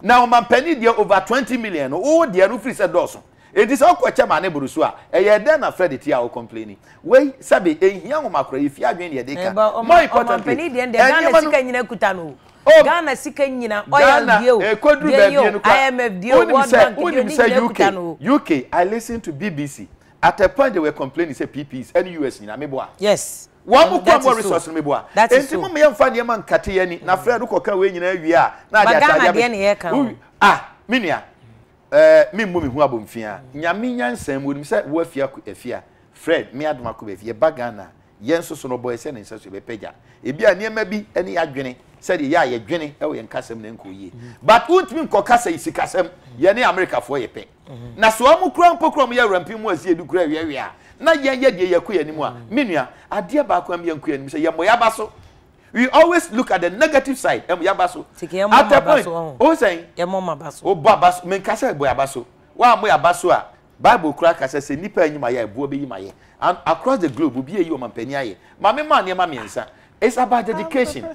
na ɔmampanin deɛ over twenty million no owó deɛ no firi sɛ dɔɔso eti sɛ ɔkɔ kyɛ maa ne buru so a ɛyɛ dɛn na fred ti a o complain wei sabi ehia ɔmakora efi adwene yɛ de ka more importantly ɔmampanin deɛ deɛ ghana sika nyina kuta no oh, ghana sika nyina ɔyɛ die o imf die world bank die o ni nyina kuta uk i lis ten to bbc at a point they were complaining say pps any us nyina mi bɔ a. yes wɔn mu kɔ mu resource mi bɔ a nti mu yɛ nfa nneɛma nkate yɛ ni na mm. fɛrɛ do kɔka wei nyinaa wie a na adi ata ya bɛ a mi nua ɛɛ mi mbɔ mi hu abomfia nyame nyansan mu onimisa wɔ afia afia eh, fred mi adum akɔ bɛfi yɛ ba ghana yɛn nso so no bɔ ɛsɛ e ne nsa so yɛbɛpɛgya ebi a nneɛma bi ɛne yɛadwene sɛdeɛ yɛ a yɛdwene ɛwɔ yɛn kasɛm mm-hmm. na nkɔ yie but wontumi nkɔ kasa yi sikasɛm yɛne amerikafoɔ yɛpɛ mm-hmm. na so ɔmo kura mpokura ɔmo yɛ awurampi mu asi edu kura awiawia na yɛn yɛ deɛ yɛkɔ yɛn anim a mm. me adeɛ baako a yɛn kɔ yɛn anim sɛ yɛn mɔ yaba so we always look at the negative side ɛmu yaba so at a point o sɛn o bɔ aba so menkasa bɔ yaba so wa mo yaba so a bible kura kasa sɛ nipa yɛ nyima yɛ ebuo bɛ yima yɛ and across the globe obi yɛ yi ɔman panyin ayɛ maame maa nneɛma mmiɛnsa it's about education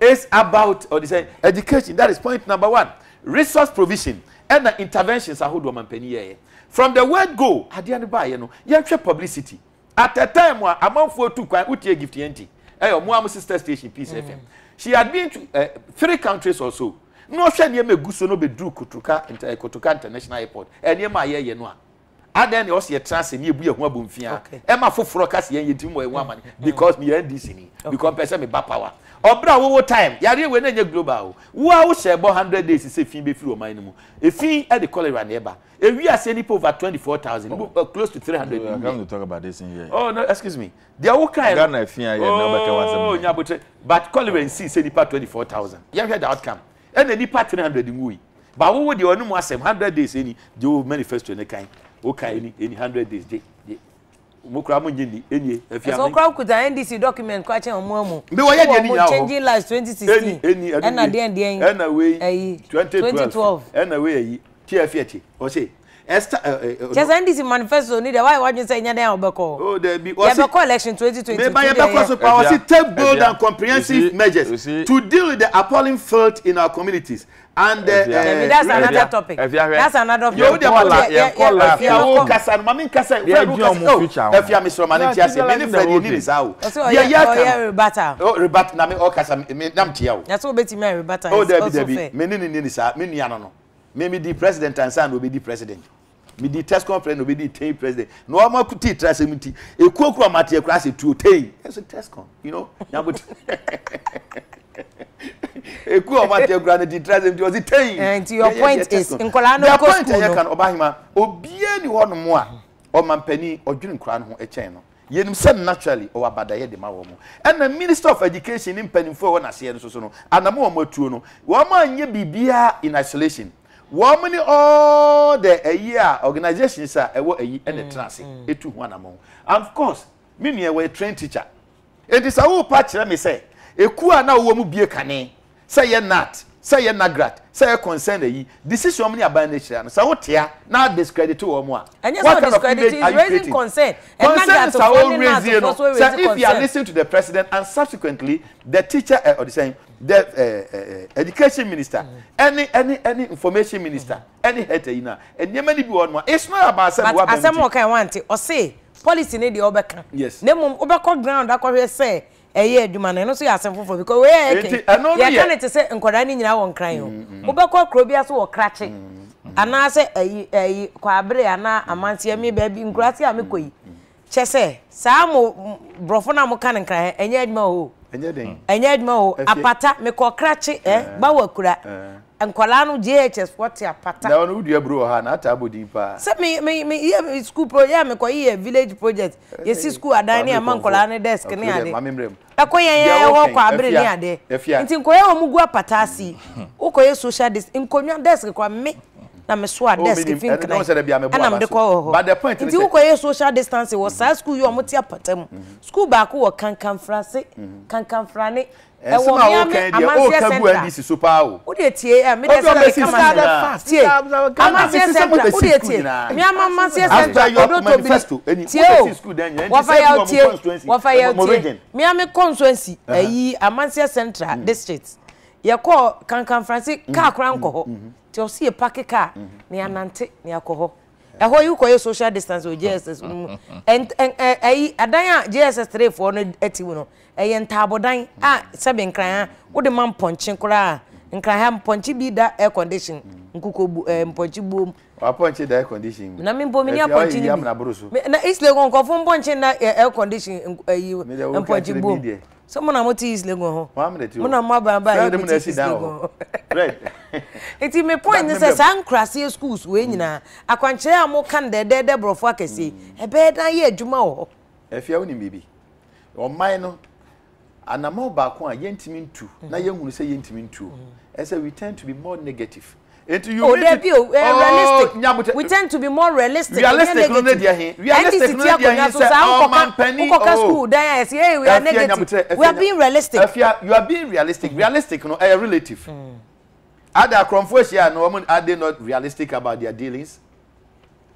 it's about ɔdi sɛ education that is point number one resource provision ɛna interventions ahodoɔ mampanin yɛyɛ from the word go adeɛ no baayɛ no yɛhwɛ publicity at a time a amanfoɔ tu kwan wotie gift yɛn ti ɛyɛ ɔmo amu sister station peace fm mm. she had been to uh, three countries or so na ɔhwɛ nneɛma egu so no bɛduru kotoka inter eh, kotoka international airport ɛnneɛma a yɛyɛ no a adan na ɔsi ɛtena ase ni ebu yɛ ho abomfia ɛma foforɔ kasi yɛn yɛ ti mu ɛwɔ amani mm. because mi yɛn di sini because pɛ sɛ mi ba power ɔbɛrɛ a wɔwɔ time yareɛ wei na nyɛ global o wo a wohyɛ ɛbɔ hundred days sɛ fi bɛfiri ɔman no mu efi ɛde e cholera na ɛba ewiase nipa over twenty four thousand oh. close to three hundred. we are going to talk about this in here. oh no excuse me deɛ wo kan. ghana efi ayɛ na ɔbɛka wa sɛ oh, mo. nyabote but cholera nsi sɛ nipa twenty four thousand yɛn hwɛ the outcome ɛna e nipa three hundred nwu yi ba wo wo deɛ ɔnum asɛm hundred days ɛni deɛ o manifesto ne kan o kan ɛni ɛni hundred days de mo kura mo nyini enie efi ami. ẹsọ kura kuta ndc document kwa akyẹn ọmọ ọmọ. mi wọ yẹ diẹ ni yàwọ changing lives twenty sixteen ẹna diẹ diẹ yi ẹna wei twenty twelve ẹna wei ẹyi tí ẹ fi ti ọ sẹ. Esther. Eh, eh, eh, Just end this manifesto. Need why what you say? Nyanya na obeko. Oh, there be. Obeko election 2020. Maybe obeko so power. See, take bold and comprehensive measures to deal with the appalling filth in our communities. And uh, uh, that's another topic. That's another topic. You call her. You call her. You call her. Mami kasa. You call her. If you are Mr. Mani Tiasi, many friends you need is out. Oh, oh, yeah, yeah. Oh, rebata. Oh, rebata. Na me all oh, kasa. Me nam tiao. That's what betty me rebata. Oh, there be, there be. Many, many, many is out. Many, no, no me me di president ansa na obedi president me di tescom president obedi tei president na ọmọ kuti tra se mu ti ekuo kura ma te ekura se tuo tei ẹsọ tescom you know nyabo ti ekuo ọmọ te ekura na di tra se mu ti ọsi tei. and your point is nkwadaa no kó sukuu no. their point ẹ̀yẹ kan ọbaahima obiẹ́ e ni hɔ nom a ɔmampanin ɔdwiri nkwadaa no ho ɛkyɛn no yɛnim sɛ naturally ɔwɔ abadayɛ de ma wɔn mo ɛna minister of education ne mpanimfoɔ wɔ n'aseɛ no soso no anam wɔn atuo no wɔn anyɛ biribiara in isolation wɔn ne all the ayi a organizations a ɛwɔ ayi ɛna mm, tena ase mm. etu ho and of course mi nua wɔyɛ train teacher eti sɛ awo pa kyerɛ mi sɛ eku a na wɔn mu bie kane sɛ yɛ nat sɛ yɛ nagrat sɛ yɛ concern ayi decision mu ne aban ne kyerɛ no sɛ wotea na discredit wɔn mu a what kind of image are you creating concern concern sa o raise yɛ no sɛ if you are lis ten to the president and subsequently the teacher ɛ ɔdi sɛn. the uh, uh, education minister mm. any any any information minister mm. any head you know nneɛma ni bi wɔ no it's not about asɛm wa bɛn ti but asɛm ɔkan wa nti policy ne deɛ ɔbɛka eh, yes ne ground akɔhwɛ sɛ ɛyɛ adwuma no ɛno nso yɛ asɛm foforɔ because wɔyɛ ɛkɛ yɛka ne te sɛ nkwadaa ne nyinaa wɔ nkran ase wɔ o ɛnyɛ den hmm. ɛnyɛ o apata mekɔ krakye ɛ bawa kura nkɔlaa no ghs wɔte apata na ɔno wodua buro wɔ ha na ata abɔ din paa sɛ meyɛ eh, school pro yɛ mekɔ yiyɛ village project eh, yɛsi eh, school adan ne ama nkɔlaa ne desk ne ade ɛkɔ yɛn yɛ wɔ kɔ abere ne ade nti nkɔyɛ wɔ mu gu apata ase wokɔyɛ social dis nkonnwa desk kɔ me na me so a desk fin kan na me de kɔ hɔ but the point is nti wokɔ yɛ social distancing wɔ saa school yi ɔmo te apata mu school baako wɔ kankanfrase kankanfrane ɛwɔ miami amanseɛ central o de tie ɛ mi de sɛ mi kama sɛ tie amanseɛ central o de tie miami amanseɛ central odo tobi tie o wɔfa yɛ tie wɔfa yɛ tie miami constituency ɛyi amanseɛ central district yɛkɔ kankanfranse kaa kora nkɔ hɔ mhm, mhm, mhm. nti ɔsi yɛ paaki kaa ne anante ne akɔ hɔ ɛhɔ yi kɔ social distance wɔ jss mu ɛyi adan a jss three foɔ no ɛti mu no ɛyɛ ntaabodan a sɛbi nkran a wɔde ma mpɔnkye koraa nkran ha mpɔnkye bi da air condition nkuko bu ɛɛ mpɔnkye buom. wapɔnkye da air condition mu. na mi bɔ mi ni apɔnkye ni bi na isle nkɔfo mpɔnkye na air condition ɛyi mpɔnkye buom so mo na mo oh. ti isle gun ho mo na mo aba aba yi mo ti isle gun ho nti me point ni sɛ saa nkurase schools wei nyinaa akwankyerɛ a mo kan dɛdɛɛdɛ borɔfo akɛseɛ ɛbɛyɛ dan yɛ adwuma wɔ hɔ afia wonim biribi ɔman no anamaw baako a yɛntumi ntu na mm-hmm. yɛhunu sɛ yɛntumi ntuo ɛsɛ mm. we tend to be more negative Into you oh, there be uh, realistic. We tend to be more realistic. Realistic, no need here. Realistic, no need here. Say, oh man, penny, oh. school, then I say, hey, we are negative. We are being realistic. If you are, you are being realistic, mm. realistic, no, a eh, relative. Other mm. cromfoes here, no, are they not realistic about their dealings?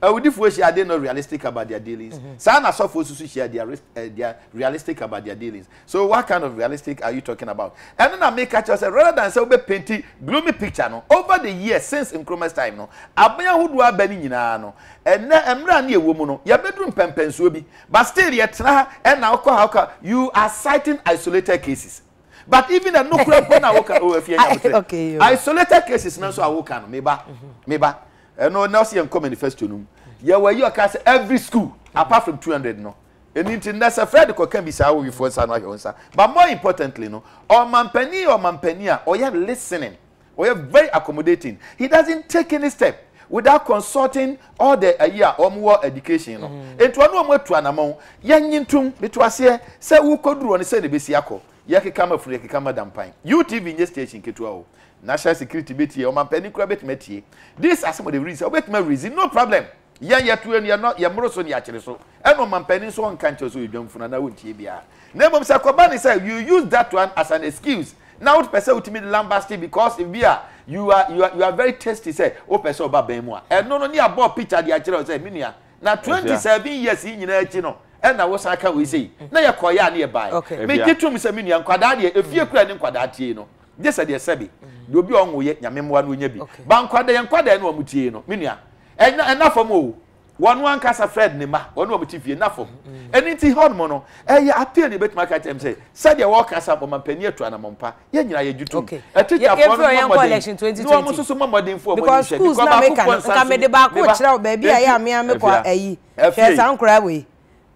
awudifoɔ eh, hyia they no realistic about their dealings mm-hmm. saa na asɔfoɔ soso hyia they are uh, they are realistic about their dealings so what kind of realistic are you talking about ɛno na meka kyerɛ sɛ rather than sɛ wobɛ painti gloomy picture no over the years since nkrumah's time no aban ahodoɔ aba no nyinaa no ɛnɛ mmerɛ ne ɛwɔ mu no yɛbɛduru mpɛmpɛnsuo bi but still yɛtena ha ɛna wokɔ ha wokɔ you are citing isolated cases but even a nukura bɔ na woka ɔwɔ afie nyamutɛ isolated cases na nso a woka no meba mm-hmm. meba ɛno nɔɔsi yɛn kɔ manifesto no mu yɛwɔ yi ɔka sɛ every school apart from two hundred no ɛni nti nda sɛ fred kɔka bi saa awowifoɔ nsa no ahyɛ wɔn nsa but more importantly no ɔmampanin ɔmampanin a ɔyɛ listening ɔyɛ very accommodating he doesn't take any step without consulting all the ayi a wɔn wɔ education no nti wɔn a wɔn atu anamɔn yɛnyi ntum mm-hmm. etu aseɛ sɛ wokɔduru wɔn sɛ ne besi akɔ yɛkeka ma funu yɛkeka ma dampan utv nye station ketewa o national security bɛ tie ɔmampanin kura bɛtuma tie this asem of the reason ɔbɛtuma reason no problem yɛn yɛtu yɛn no yɛn mmoro so ne yɛakyere so ɛna ɔmampanin so ɔnka nkyɛn so yɛ dwam funu anaw ntie biara na emom sɛ kɔba ne sɛ you use that one as an excuse na wotɛ pɛ sɛ wotumi de lambasti because ebi a you are you are you are very tasty sɛ wopɛ sɛ ɔba bɛn mu a ɛno no ne abɔ picture de akyerɛ sɛ mi nua na twenty seven years yi nyinaa akyi no ɛna wosan ka wo sei na yɛ kɔyɛ a ne yɛ baa yi megye tom sɛ mi nua nkwadaa deɛ efie kura ne nkwadaa tie no gye sɛ deɛ sɛbi deɛ obi a ɔnwo yɛ nyame mmoa no onya bi ba nkwada yɛ nkwada no wɔn tie no menua ɛna ɛna fam o wɔn ankasa fred ne ma wɔn wɔn ti fie ɛna fam mm-hmm. ɛni ti hɔ nom no ɛyɛ appeal ne betuma ka kyɛm sɛ sɛdeɛ wɔɔkasa ɔmampanin etu anamɔmpa yɛ nyinaa yɛ jutum ɛtitafoɔ no mɔmɔden ne wɔn nso so mɔmɔdenfoɔ wɔn nhyɛ because baako nka mede baako kyerɛw baabi a yɛ amea me kɔ ayi hwɛ saa nkora wei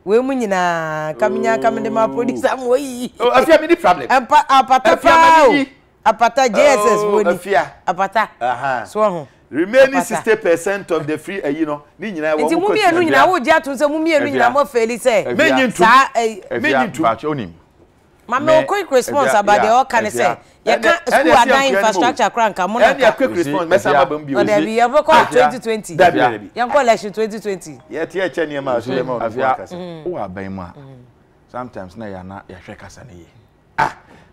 wee mu nyinaa kaminya kamide ma producer mu oyi. afia oh, mi ni problem. apata paa o apata jss wo ni apata so ho remaining sixty percent of the free ẹyi eh, no ni nyinaa wọn kò sinabia nti mu mienu nyinaa wò di ato sẹ mu mienu nyinaa mo fẹli sẹ meyin tu meyin tu maame o quick response abade ọka ni sẹ yẹ ka school adan infrastructure kura nka mu naka ẹni quick response mẹsàn án bá bẹ n bí o ọ dẹbi yẹn kọ twenty twenty yẹn kọ election twenty twenty. yẹ ti ẹ kyẹ ní ẹ máa sọ ẹ máa ọdún fún akasẹ. wọ́n abẹ́yìn mu a sometimes náà yà á yà hwẹ́ kasa ni yẹ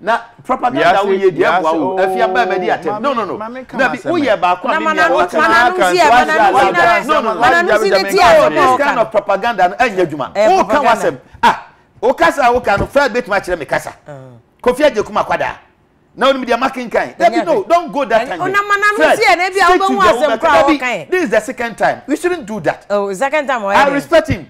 na propaganda woyɛ deɛ boa wo oh, afi aba bɛdi atɛm no no no na bi woyɛ baako a bi e, e, this kind of propaganda no ɛnyɛ adwuma woka wasɛm ah wokasa a woka no fred bɛtumi akyerɛ me sa. kofi je kuma kwadaa na onim deɛ makenkan dabi no don't go that time na fred stick to the woman dabi this is the second time we shouldn't do that oh second time i respect him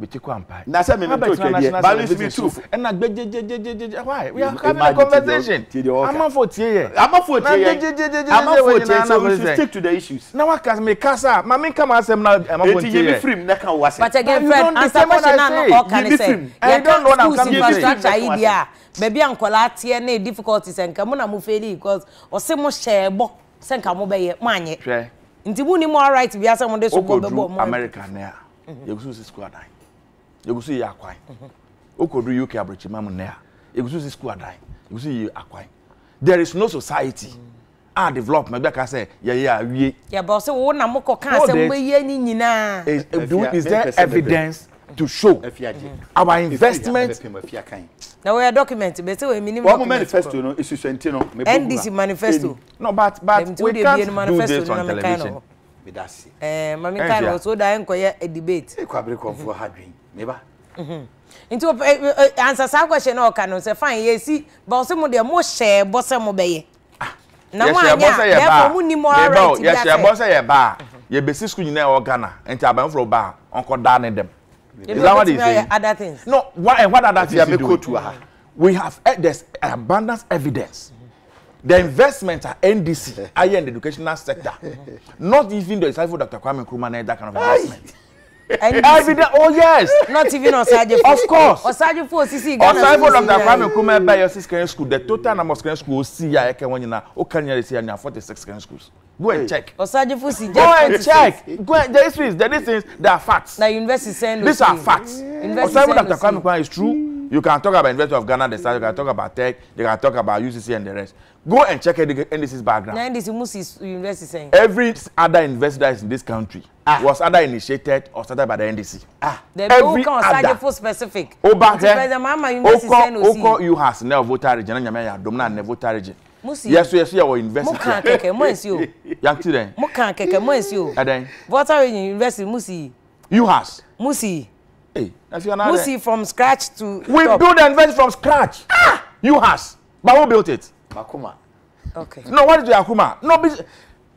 Bitiko Ampai. Na se me me to chwe balance me too. And na gbejejejejeje why? We are having a conversation. I'm on 40 here. I'm on 40 here. I'm on 40 so we should stick to the issues. Na waka me kasa, ma me kama asem na I'm on 40 here. me ye free na kan wase. But again friend, answer question na no kan say. I don't know what I'm coming. infrastructure idea. Maybe ankola tie na difficulties enka mo na mo fail because ose mo share bo. Senka mo beye mo anye. Hwe. Nti mu ni mo all right bi asem de so go bebo mo. America na. Mm-hmm. Yegusu squad nine yɛgu so yɛ akwan uk abrɛkyima mu nnɛ a si school adan yɛgu so yɛ there is no society a development bɛka sɛ yɛyɛ awie yɛbɔ sɛ wo na mokɔ kaa sɛ mobɛyɛ ne nyinaa is there evidence to show mm-hmm. our investment. na wọ́n yẹ document bẹ́ẹ̀ sẹ́ wọ́n mi ní document. wọ́n mu manifesto no esu sẹ́ntì no. ndc manifesto. no but but we can't do this on television. Eh, mami kan no so da nkɔ yɛ debate. ekɔ abirikɔ fo ha dwen me ba nti ansa saa question no, ɔka no sɛ fine yɛsi ah, ba ɔsɛ mo deɛ mohyɛɛ bɔ sɛ mobɛyɛ na moanyadɛfo e monni mɔrɛyɛhyɛ bɔ sɛ yɛ baa yɛbɛsi sukuu nyinaa ɛwɔ ghana nti abɛmforo baa ɔnkɔdaa ne dɛm Is that what he's say? Other things. No, what, eh, what other things do you do? We have eh, there's abundance evidence. Mm-hmm. The investment at NDC, higher in the educational sector, mm-hmm. not even the insightful Dr. Kwame Nkrumah, that kind of investment evidence oh yes. not even ọ̀sájẹ́fọ́. of course ọ̀sájẹ́fọ́ osisi ghana. ọ̀sájẹ́fọ́ dr kwame nkrumah ẹ̀ bá yọ school the total number of secondary schools si ya ẹ̀kẹ́ wọn nyinaa ó kàn yẹn si schools go and check. ọ̀sájẹ́fọ́ si go and check go and the histories the distance they are facts. na university send these are facts. ọ̀sájẹ́fọ́ dr kwame nkrumah is true you can talk about university of ghana the start you can talk about tech you can talk about ucc and the rest go and check NDC's background. Na NDC must university saying. Every other university that is in this country ah. was either initiated or started by the NDC. Ah. The every other. Sage for specific. Oba he. Oko Oko you has never voted region na nyame ya dom na never voted region. Musi. Yes yes you are university. Mo kan keke mo ensi o. Yang ti den. Mo kan keke mo ensi o. Adan. Voter region university musi. You has. Musi. Hey, if you are not Musi from scratch to We top. build the university from scratch. Ah! You has. But who built it? Makuma. Okay. No, what is your Akuma? No,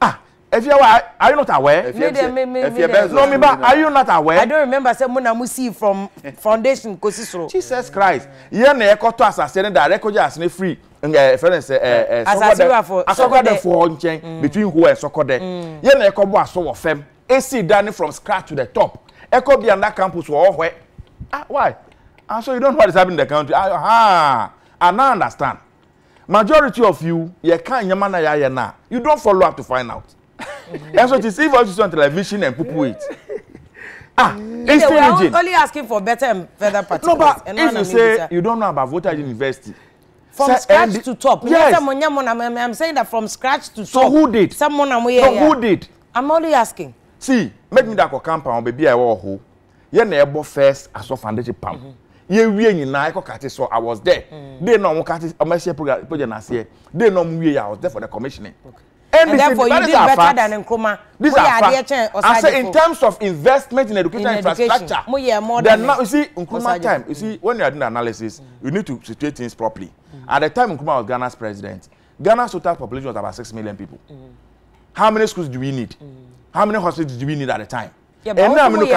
ah, if you are, are you not aware? If you are, no, remember, are you not aware? I don't remember. Say, Muna Musi from Foundation Kosisro. Jesus Christ. Yeah, ne eko to assassin that record as ne free. Nga eh, friends eh eh sokode asokode for ah, nchen mm. between who and sokode. Mm. Yeah, ne eko bo aso wo fem. AC done from scratch to the top. Eko be under campus wo hwe. Ah, why? Ah, so you don't know what is happening in the country. Ah, ha! Ah, I now understand majority of you yɛ ka nyɛma na yɛayɛ na you don follow up to find out ɛnso ti see voice on television and poo it ah it's still engine. we are only asking for better and further participants. no but if you say uh, you don't know about voter university. from scratch to top. yes i'm saying that from scratch to so top. so who did. so who did. i'm only asking. see make me that for compound baby i wọ ọhún yẹn na ẹ bọ first aso foundation pam. Mm-hmm yɛwie nyinaa ɛkɔkate so i was there mm. day na ɔmo kate ɔmo ɛhyɛ project na aseɛ day na ɔmo wie yɛ i was there for the commissioning. Okay. and therefore you did better facts. than Nkrumah. These are facts. I say in terms of investment in education, in education. infrastructure, more now, you see Nkrumah time. You see mm. when you are doing analysis, mm. you need to situate things properly. Mm. At the time Nkrumah was Ghana's president, Ghana's total population was about six million people. Mm. How many schools do we need? Mm. How many hospitals do we need at the time? ɛnna mi no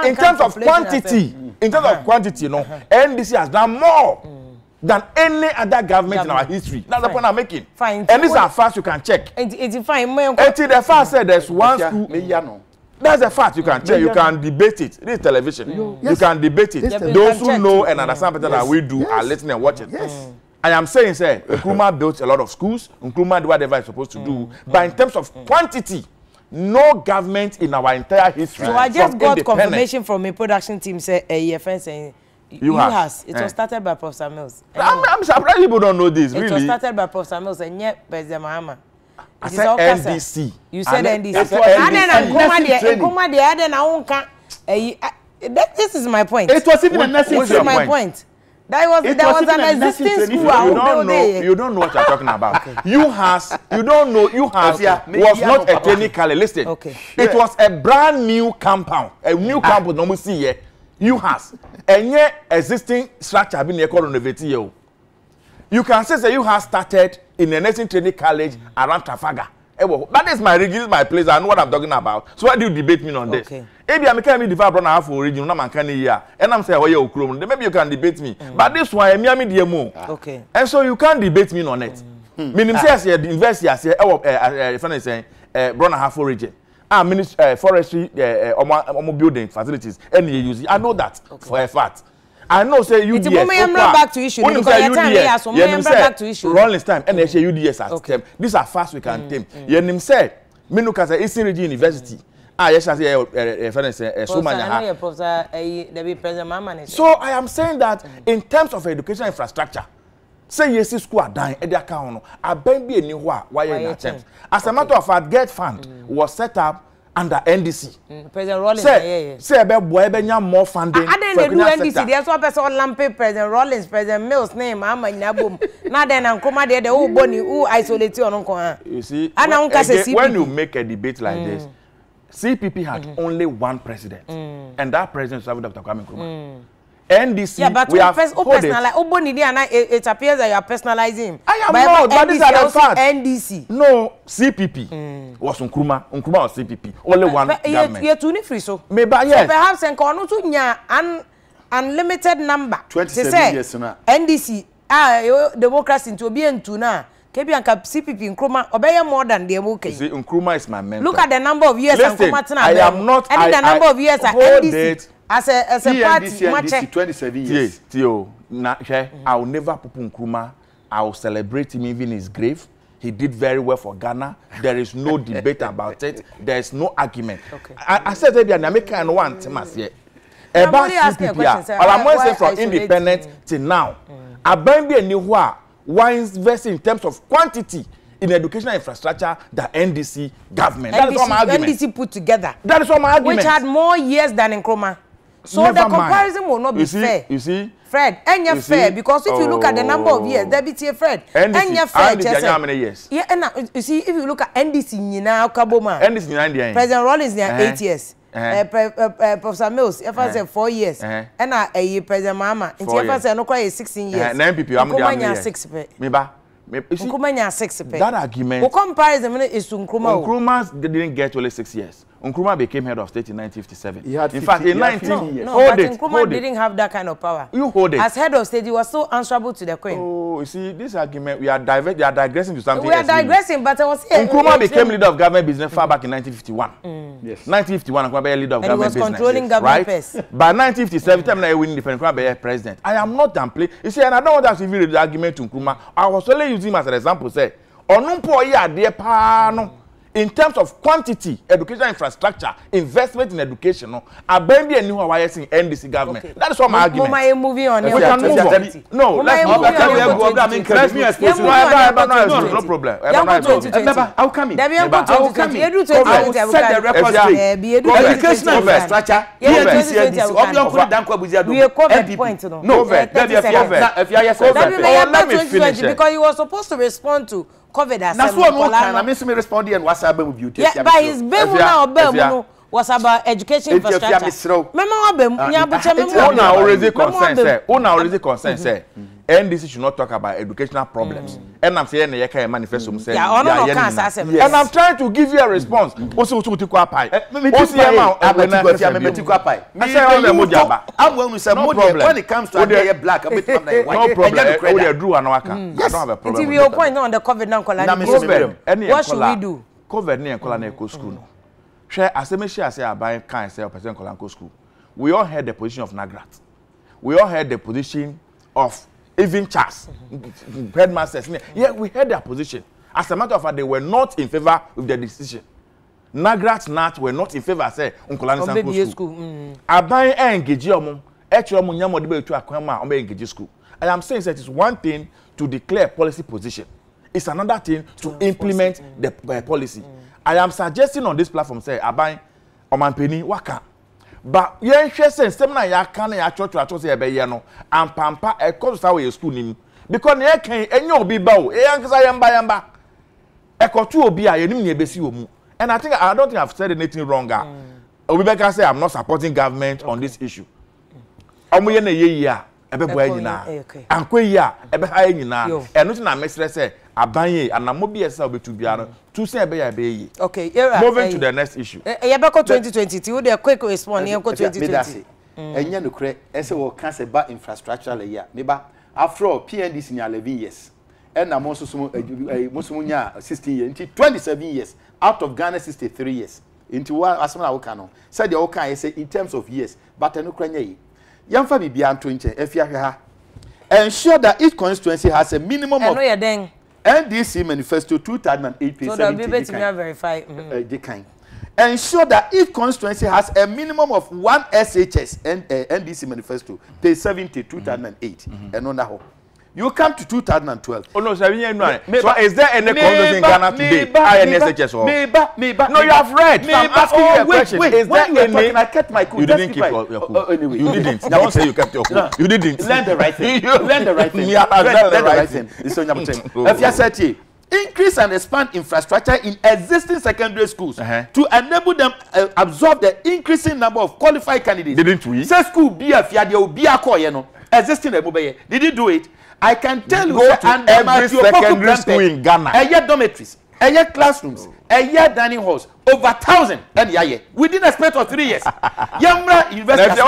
ka in terms of mm. quantity in terms of quantity no ndc has done more mm. than any other government in our history that's the point i'm making Fine. and these are facts you can check It's fine. eti the fact say there's one school. That's a fact. You can check. You can debate it. This is television. Mm. Yes. You can debate it. Yes. Those who know and understand better yes. than we do yes. are listening and watching. Yes. Mm. I am saying, sir, Nkrumah built a lot of schools. Nkrumah did whatever he's supposed to mm. do. Mm. But in terms of mm. quantity, no government in our entire history. So I just got confirmation from a production team say uh, eh, EFN saying you, you has. It eh. was started by Prof. Samuels. I'm, I'm surprised people don't know this. It really. was started by Prof. Samuels and yet President Mahama. I said NDC. You said NDC. Eh, eh, this is my point. It was even a nursing This is my point. That was it there was, was an, existing school. You don't know. You don't know what you're talking about. okay. You has you don't know. You has okay. was not a technically Listen, Okay. It yeah. was a brand new compound. A new ah. campus. Normally see here. You has yet existing structure been here called renovated You can say that you has started in the nursing training college around Trafalgar ewo that is my region, my place i know what i'm talking about so why do you debate me on this ebi I'm kan mi divide brother half origin na man kan here and i'm saying, say oye okuro Then maybe you can debate me mm. but this one emi ami dey mo okay and so you can't debate me on it mm. meaning hmm. say say the university say ewo eh, eh, eh friend say eh brother half origin ah ministry eh, forestry eh omo building facilities and you e use i know that okay. for a fact I know say UDS. Iti mo may bring back to issue. When you say UDS, so may bring back to issue. Rolling time, and they say UDS at them. These are fast we can mm, tame. Mm. Yenim said, Menu Kasa, Eastern Region University. Mm. Ah, yes, I say, eh, eh, eh, eh so many. So I am saying that in terms of education infrastructure, say yes, school are dying at the account. I been be a new one. Why in attempts? As a matter of fact, Get Fund was set up under ndc. Mm. president Rawlings. na yẹ yẹ. sẹ ẹ bẹ bọ ẹ bẹ more funding ah, ah, for the sector. adé ndc diẹ sọ pẹ sọ lampe president Rawlings, president mills ní ìmọ̀ àmọ̀ ìyá bom n'adẹ na nkoma diẹ dẹ wọ́n bọ ni wọ́n isolate ọ̀nà nkan ha. you see ana ah, n kasẹ cpp. when you make a debate like mm. this cpp had mm -hmm. only one president mm. and that president was Dr. Kwame Nkrumah. Mm. NDC. Yeah, but we have pers who personalize? Obonidi and it, appears that you are personalizing I am but not, but NDC these are the facts. NDC. No, CPP mm. was Nkrumah. Nkrumah was CPP. Only but, one but government. You're too free, so. Maybe, yes. So perhaps Nkono to nya an unlimited number. 27 say, years now. NDC, ah, democracy into be to now. Kebi anka CPP Nkrumah obey more than the Ebuke. See, Nkrumah is my mentor. Look at the number of years Listen, Nkrumah I am not. And I, the number I, of years at NDC. It as a as a party mache 27 years tio na hwe i will never pupu nkruma i will celebrate him even his grave he did very well for ghana there is no debate about it there is no argument okay. i i said ebi na make kind one team as here eba cpp ara mo say from independent till now mm. aban bi eni ho a why invest in terms of quantity in educational infrastructure than NDC government. NDC, that is what my argument. NDC put together. That is what my argument. Which had more years than Nkrumah. So Never the comparison mind. will not be you see, fair. You see? Fred, and you're you fair see? because if you look at the oh. number of years, deputy Fred, NDC, and you're fair, NDC, how many years? Yeah, and uh, you see, if you look at NDC, Nina Kaboma, NDC, Nina, President Rollins, they uh -huh. eight years. Uh -huh. uh, pre, uh, uh, Professor Mills, if I uh-huh. say four years, uh-huh. and uh, I uh, President Mama, and if I say no, quite sixteen years. Uh -huh. I'm going six. Me ba. six That argument. Wo comparison is to Nkrumah. Nkrumah didn't get only six years. Nkrumah became head of state in 1957. He had 50, in fact, in 19 no, No, hold but it, Nkrumah didn't it. have that kind of power. You hold it. As head of state, he was so answerable to the queen. Oh, you see, this argument, we are, diver are digressing to something We are digressing, but I was here. Nkrumah became leader of government business far mm. back in 1951. Mm. Yes. 1951, Nkrumah became leader of and government business. And he was controlling yes. government yes. right? By 1957, mm. time I win independent, Nkrumah became president. I am not downplaying. You see, and I don't want us to reveal the argument to Nkrumah. I was only using him as an example, say, Onumpo ye adie pa no. Mm in terms of quantity education infrastructure investment in education no abẹ́n bí ẹni hàn wáyé sí ndc government okay. that is what my argument. mo ma ye moving on. we can move on. no let's move on. ọbẹ kẹrin ẹgbẹ ọbẹ mi nkẹrin mi expose no ẹbá ẹbá náà no problem ẹbá náà expose. ẹbá awo kami ẹbá awo kami edu twenty twenty awo set the record straight educational infrastructure bnc ndc ọbẹ ọkùnrin dankọ abuja do ndp no bẹẹbi ẹfi ayẹsẹ let me finish because you were supposed to respond to covid asɛm nkɔla no na so ɔno kan na mi nso mi respond yɛ no wasa abɛn mu bi o tɛ was about uh, education infrastructure mema wa bem ah, nya abuche mema wa already concern say who already concern say NDC should not talk about educational problems and I'm mm. saying yeka e manifesto mu say e yeah and I'm trying to give you a response o se otu ti kwa pai o se e ma abeti kwa pai abeti kwa pai I say all the moja ba I'm going to say moja when it comes to a black a bit from the no problem o dey eh, drew anwaka mm. I don't have a problem it will point on the covid now kola what should we do covid ni e kola na e school no hwɛ asɛm ahyia sɛ aban kan sɛ ɔpɛ sɛ nkɔlanko school we all heard the position of nagrat we all heard the position of even charles headmasters yeah we heard their position as a matter of fact they were not in favour with their decision nagrat nat were not in favour say nkɔla ne sanko school aban ɛngeji ɔmo ɛkyerɛ ɔmo nyɛ ɔmo de bɛ etu akwan mu a ɔmo ɛngeji school i am saying say it is one thing to declare policy position it's another thing to implement mm. the uh, policy. Mm i am suggesting on this platform say, Abai, ɔmanpanin waka ba yɛnhwɛ sɛ nsɛm na yɛaka na yɛatwerɛtwerɛ atwerɛ sɛ yɛbɛyɛ no ampampa ɛkɔ so saa wɔ yɛ skul no mu because nea ɛka ɛnyɛ obi ba o ɛyɛ ankasa yɛmba yɛmba ɛkɔto obi a yɛnim nea ɛbɛsi wɔ mu and i think i don't think i said anything wrong a ah. hmm. obi bɛka sɛ i I'm not supporting government okay. on this issue ɔmo yɛ na ɛyɛ yie a ɛbɛboa yɛ nyinaa ankɔ yie a ɛbɛha yɛ nyinaa ɛno ti na mesrɛ sɛ aban yɛ anammo bi yɛ sɛ ɔbɛtu biara tu sẹ ẹ bẹ yà bẹ ok yẹra moving eh, to the next issue. ẹyẹ bẹ kó twenty twenty tí o de quick response yẹn kó twenty twenty. ẹnyẹ mm. nukurẹ ẹsẹ wọ kansa ba infrastructure lẹ yà mi ba after pndc ni eleven years ɛna mo nso mo mo nso mo nya sixteen years nti twenty seven years out of ghana sixty three years nti wa asem na woka no sɛdeɛ woka yɛ sɛ in terms of years but ɛno kura nyɛ yi yɛnfa biribiara nto nkyɛn efi ahwɛ ha ensure that each constituency has a minimum of ɛno yɛ den ndc manifesto two thousand and eight page seventeen so the verify. di kind ensure that each constituency has a minimum of one shs and, uh, eh, ndc manifesto page seventy two thousand and eight ẹnu na hɔ you come to 2012. Oh no, sir, we ain't running. So is there any conference in Ghana today? INSHS or? Meba, meba. No, you have read. Meba. So I'm asking oh, you a wait, question. Wait, is there any? Talking, I kept my cool. You didn't keep your, your cool. Uh, anyway, you didn't. Now say you kept your cool. No. You didn't. Learn the right thing. Learn the right thing. Yeah, learn the right thing. This one, If you said increase and expand infrastructure in existing secondary schools uh -huh. to enable them uh, absorb the increasing number of qualified candidates. Didn't we? Say school be a fiadia, be a core, you know. Existing, they eh, didn't do it. I can tell you and every secondary school in Ghana. A year dormitories, a year classrooms, a oh. year dining halls over thousand ẹni ayẹ within a space of three years. Yamra university.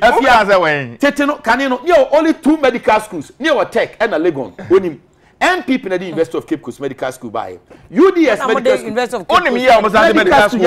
Ẹ̀fẹ̀ wá ẹni, ó kàn án sẹ́ wẹ̀yìn. Tètè no kàní no, ní o only two medical schools ní o tech and a Legon, onim. NPP na di University of Cape Coast Medical School báyìí UDS Medical School onim yẹ ọmọ sáà the medical school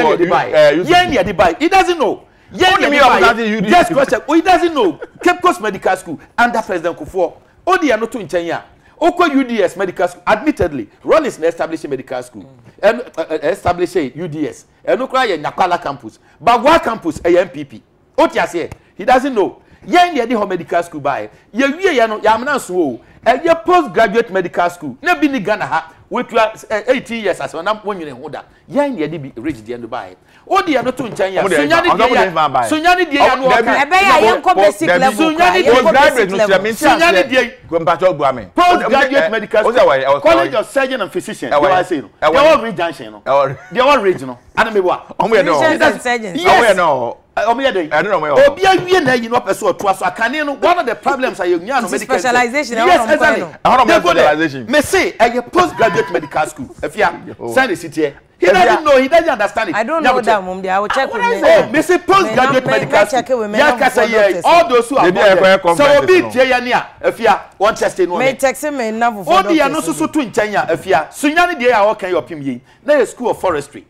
yẹn ni ẹdi báyìí yẹn ni he doesn't know yẹn ni ẹdi báyìí just question he doesn't know Cape Coast Medical School under President Kufuor o de ɛno to nkyɛn a okɔ uds medical school admittedly rollins na establish medical school ɛnu mm. Eh, eh, establish uds ɛnu kora yɛ nyakwala campus bagua campus ɛyɛ eh, npp o ti aseɛ he doesn't know yɛn deɛ de hɔ medical school baa yɛ yɛ wie yɛ no yɛ amena nso o ɛyɛ postgraduate medical school ne bi ni ghana ha wetua eh, eighteen years as asɛm na wɔnyere ho da yɛn deɛ de bi rage deɛ no baayɛ o deɛ no oh, to nkyɛn yɛ sunya ne deɛ yɛ sunya ne deɛ yɛ no ɔka ɛbɛyɛ yɛn kɔ basic level sunya ne deɛ sunya ne deɛ mpatsɔ bua mi post graduate medical school college of surgeon and physician deɛ wa se no deɛ wa rage junction no deɛ wa rage no adamibu a ɔmu yɛ dɔn ɔmu yɛ dɔn ọmọ yẹ dẹ yìí obi awie na eyi na ọpẹ so aso akane no one of the problems are nua no medical school yes exactly they go there me say ẹyẹ post graduate medical school efia sani si tiẹ he doesn't know he doesn't understand it i don't know that mum i will check ah, with me oh me say post graduate medical school ya kasa yẹ all those who are born there sọ obi tiẹ yẹ ni a efia wọn tẹsí inú mi me tẹsí mi nna fufu doctor odi yẹn no soso tún nkyẹn yẹn efia sunyani deɛ yà ọkàn yẹ ọpim yẹn na yẹ school of forestry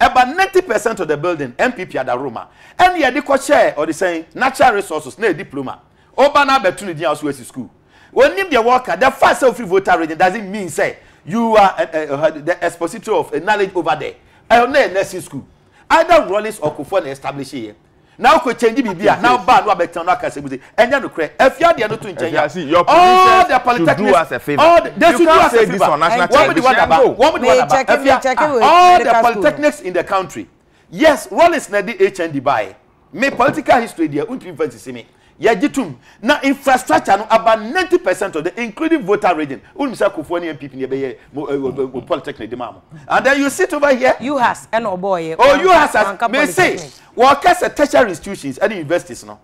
about ninety percent of the building MPP ada Roma and yɛ de kɔhyɛ ɔde sɛn natural resources na diploma ɔba na abɛto ne din aso esi school onim deɛ wɔka the fact sɛ ofi voter region doesn't mean say you are uh, uh, uh the expositor of uh, knowledge over there ɛyɛ ɔno yɛ nursing school either Rawlings or Kufuor na establish yɛ Now akɔ change biribi a na ba no abɛtena no akasa bi sɛ ɛnyɛ nokorɛ afia deɛ no to nkyɛn ya all the polytechnics all the they should do us a favor. favour wɔn de wɔn daba wɔn de wɔn daba afia all the polytechnics in the country yes rollins na de hnd buy me political history there n tun fɛ sisi yɛgye tom na infrastructure no aba 90 percent of the including voter reading wonim sɛ akofoɔ ne mpp ne ɛbɛyɛ polytechnic de ma mo and then you sit over here uhas ɛna eh, ɔbɔɔyɛ eh, oh uhas May say wɔka sɛ tertiary institutions ɛne universities no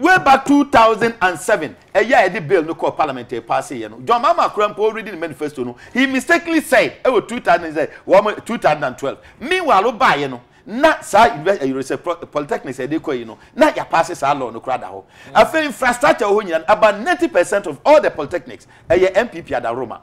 way back seven. a year I did bill no call parliamentary eh, passing you know John Mama Krampo reading the manifesto no he mistakenly said oh twelve. meanwhile buy you know na saa university eh, polytechnics ɛde kɔ yi no na yɛpaase saa law no kora da hɔ afei infrastructure wɔ hɔ about ninety percent of all the polytechnics ɛyɛ npp adaroma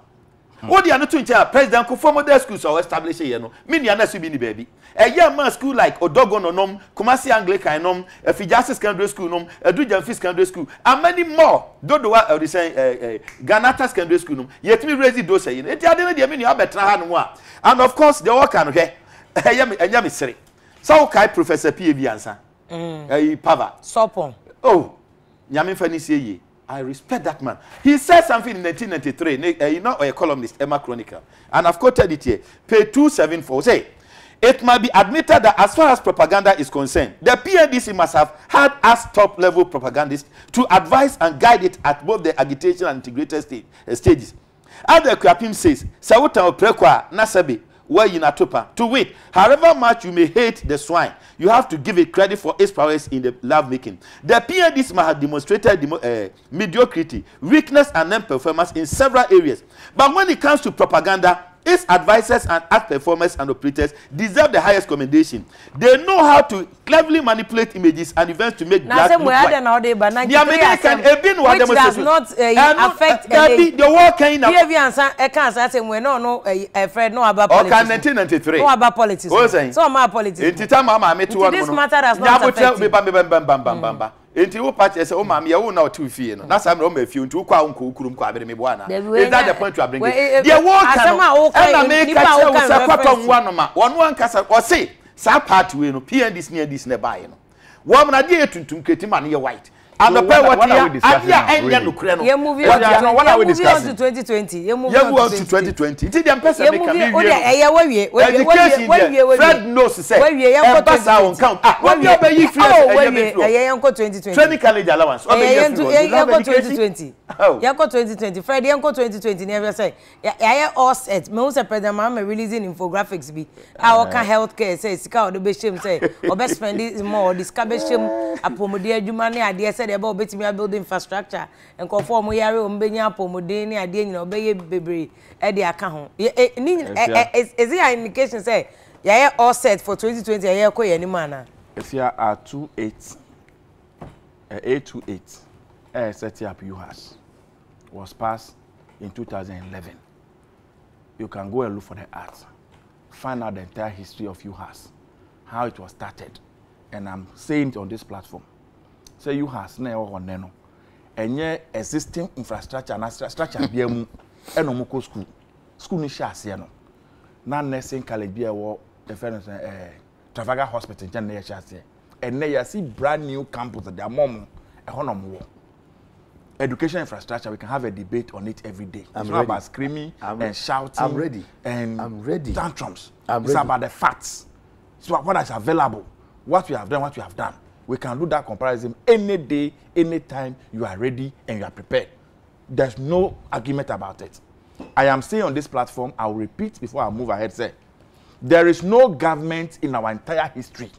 wodi ano to nkyɛn a president ko formal day schools a wɔ establish no mi nua na so bi ni baabi ɛyɛ ma school like odogono nom kumasi anglican nom efigyasi secondary school nom edujamfi secondary school and many more dodowa ɛrisɛn eh, ɛɛ eh, ghanata secondary school nom yɛtumi raise those ɛyi no eti adi ne deɛ mi nua abɛtena ha no ho and of course deɛ ɔwɔ ka no hwɛ ɛyɛ mi ɛnyɛ sɛ Kai professor pie bi ansa mm. ɛyi pava sɔpɔn oh nyame mfa ne sie yie I respect that man. He said something in 1993, uh, eh, you know, a columnist, Emma Chronicle, and I've quoted it here, page four. Say, it might be admitted that as far as propaganda is concerned, the PNDC must have had as top level propagandist to advise and guide it at both the agitation and integrated stage, uh, eh, stages. As the Kwapim says, Sawutan Oprekwa Nasabi, where you natupa. To wait. however much you may hate the swine, you have to give it credit for its prowess in the love making. The PNDs have demonstrated demo, uh, mediocrity, weakness, and non-performance in several areas. But when it comes to propaganda, Its advisers and act performers and operators deserve the highest commendation. They know how to cleverly manipulate images and events to make black look white. Which does not uh, affect eh, the work kind of behavior and accounts that say no no eh, Fred no about politics. Okay, 1993. No about politics. So my politics. It time mama me to one. This matter has not affect nti wo pa kyerɛ sɛ wo maame yɛwo na ɔte fie no na saa mmerɛ woma fie nti wokɔ a wonkɔ wokurom kɔ abere meboa anaa ɛda the point abrɛnke eh, deɛ eh, woka no ɛna eh, meka kyerɛ wo sɛ kɔtɔ nwa no ma ɔno ankasa ɔse saa party wei no pndc ne adc ne baeɛ no wɔmnadeɛ yɛ tuntum kreti no yɛ white anɔpɛ wɔte adeɛ a ɛnyɛ nokorɛ no yɛmuvi on to 2020 yɛmuvi on to 2020 nti deɛ mpɛ sɛ meka me wie no education deɛ fred knows sɛ ɛba saa wɔn kam ah wɔbi ɔbɛyi free as ɛyɛ me flow ɛyɛ yɛnkɔ 2020 training college allowance ɔbɛyɛ free wɔn yɛnkɔ 2020 yɛnkɔ 2020 fred yɛnkɔ 2020 ne ɛfɛ sɛ yɛayɛ all set mehu sɛ president mahama releasing infographics bi a ah, ɔka eh. health care sɛ sika a ɔde bɛhyɛ mu sɛ ɔbɛspend more ɔde sika bɛhyɛ mu apɔmuden adwuma ne adeɛ sɛ deɛ ɛbɛ obetumi abuild infrastructure nkɔfoɔ ɔmo yare ɔmo benya apɔmuden ne adeɛ nyinaa ɔbɛyɛ bebree ɛde aka ho ɛ e, ne nyina ɛ ɛ e, e, is it an indication sɛ yɛyɛ all set for twenty twenty ɛyɛ kɔ yɛn anim ana. esia a two eight ɛ eight two eight ɛ set up uhas was passed in two you can go and look for the art find out the entire history of uhas how it was started and i'm saying it on this platform sɛ uhas na ɛwɔ hɔ nɛ no ɛnyɛ existing infrastructure na structure bia mu ɛna ɔmo kɔ school school no hyɛ aseɛ no na nursing college bi a ɛwɔ ɛfɛ no sɛ ɛɛ trafalgar hospital nkyɛn na yɛhyɛ aseɛ ɛnɛ yɛasi brand new campus de ama ɔmo ɛhɔ na ɔmo wɔ education infrastructure we can have a debate on it every day I'm it's not about screaming I'm and shouting I'm ready. and I'm ready. tantrums I'm it's ready. about the facts it's about what is available what we have done what we have done we can do that comparison any day, any time you are ready and you are prepared. There's no argument about it. I am saying on this platform, I will repeat before I move ahead, Say, There is no government in our entire history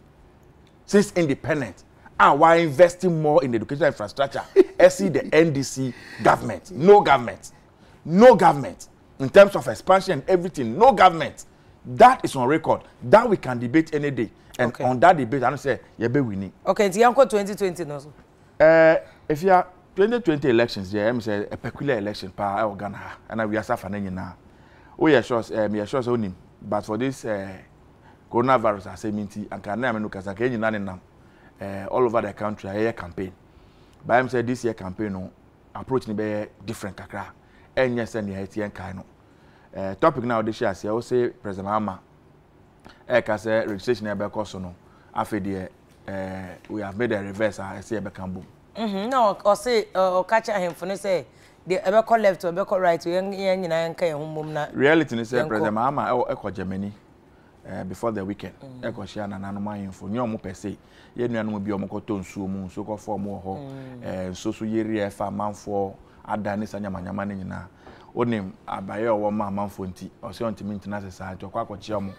since independence and ah, we are investing more in education infrastructure except the NDC government. No government. No government. In terms of expansion and everything, no government that is on record that we can debate any day and okay. on that debate i don't say yebe we ni. okay it's yanko twenty twenty na so. ẹ efia twenty elections yẹ ẹmi sẹ a peculiar election pa ẹ eh, and we are ẹna wia safa ne nyinaa o sure ẹ eh, mi sure sẹ but for this uh, coronavirus asemi nti anka ne amenu kasa ka enyina ne nam uh, all over the country ayẹyẹ campaign by ẹmi sẹ this year campaign no approach ni bẹ different kakra ẹ n yẹ sẹ ni ẹ ti yẹ nkan eh, topic na ɔde hyɛ ose ɔsɛ president ama ɛka eh, sɛ registration ɛbɛkɔ so no afei eh, we have made a reverse a ɛsɛ ɛbɛka bom mhm, na ɔse ɔka kyɛ ahemfo no sɛ deɛ ɛbɛkɔ left ɛbɛkɔ right yɛn nyinaa na reality ama ɛkɔ germany eh, before the weekend mm. ɛkɔ se bi kɔtɔ kɔfɔ wonim abayɛ ɔwɔ ma amanfo nti ɔsɛ ɔntumi ntena ase saa nti ɔkɔ akɔkyea mo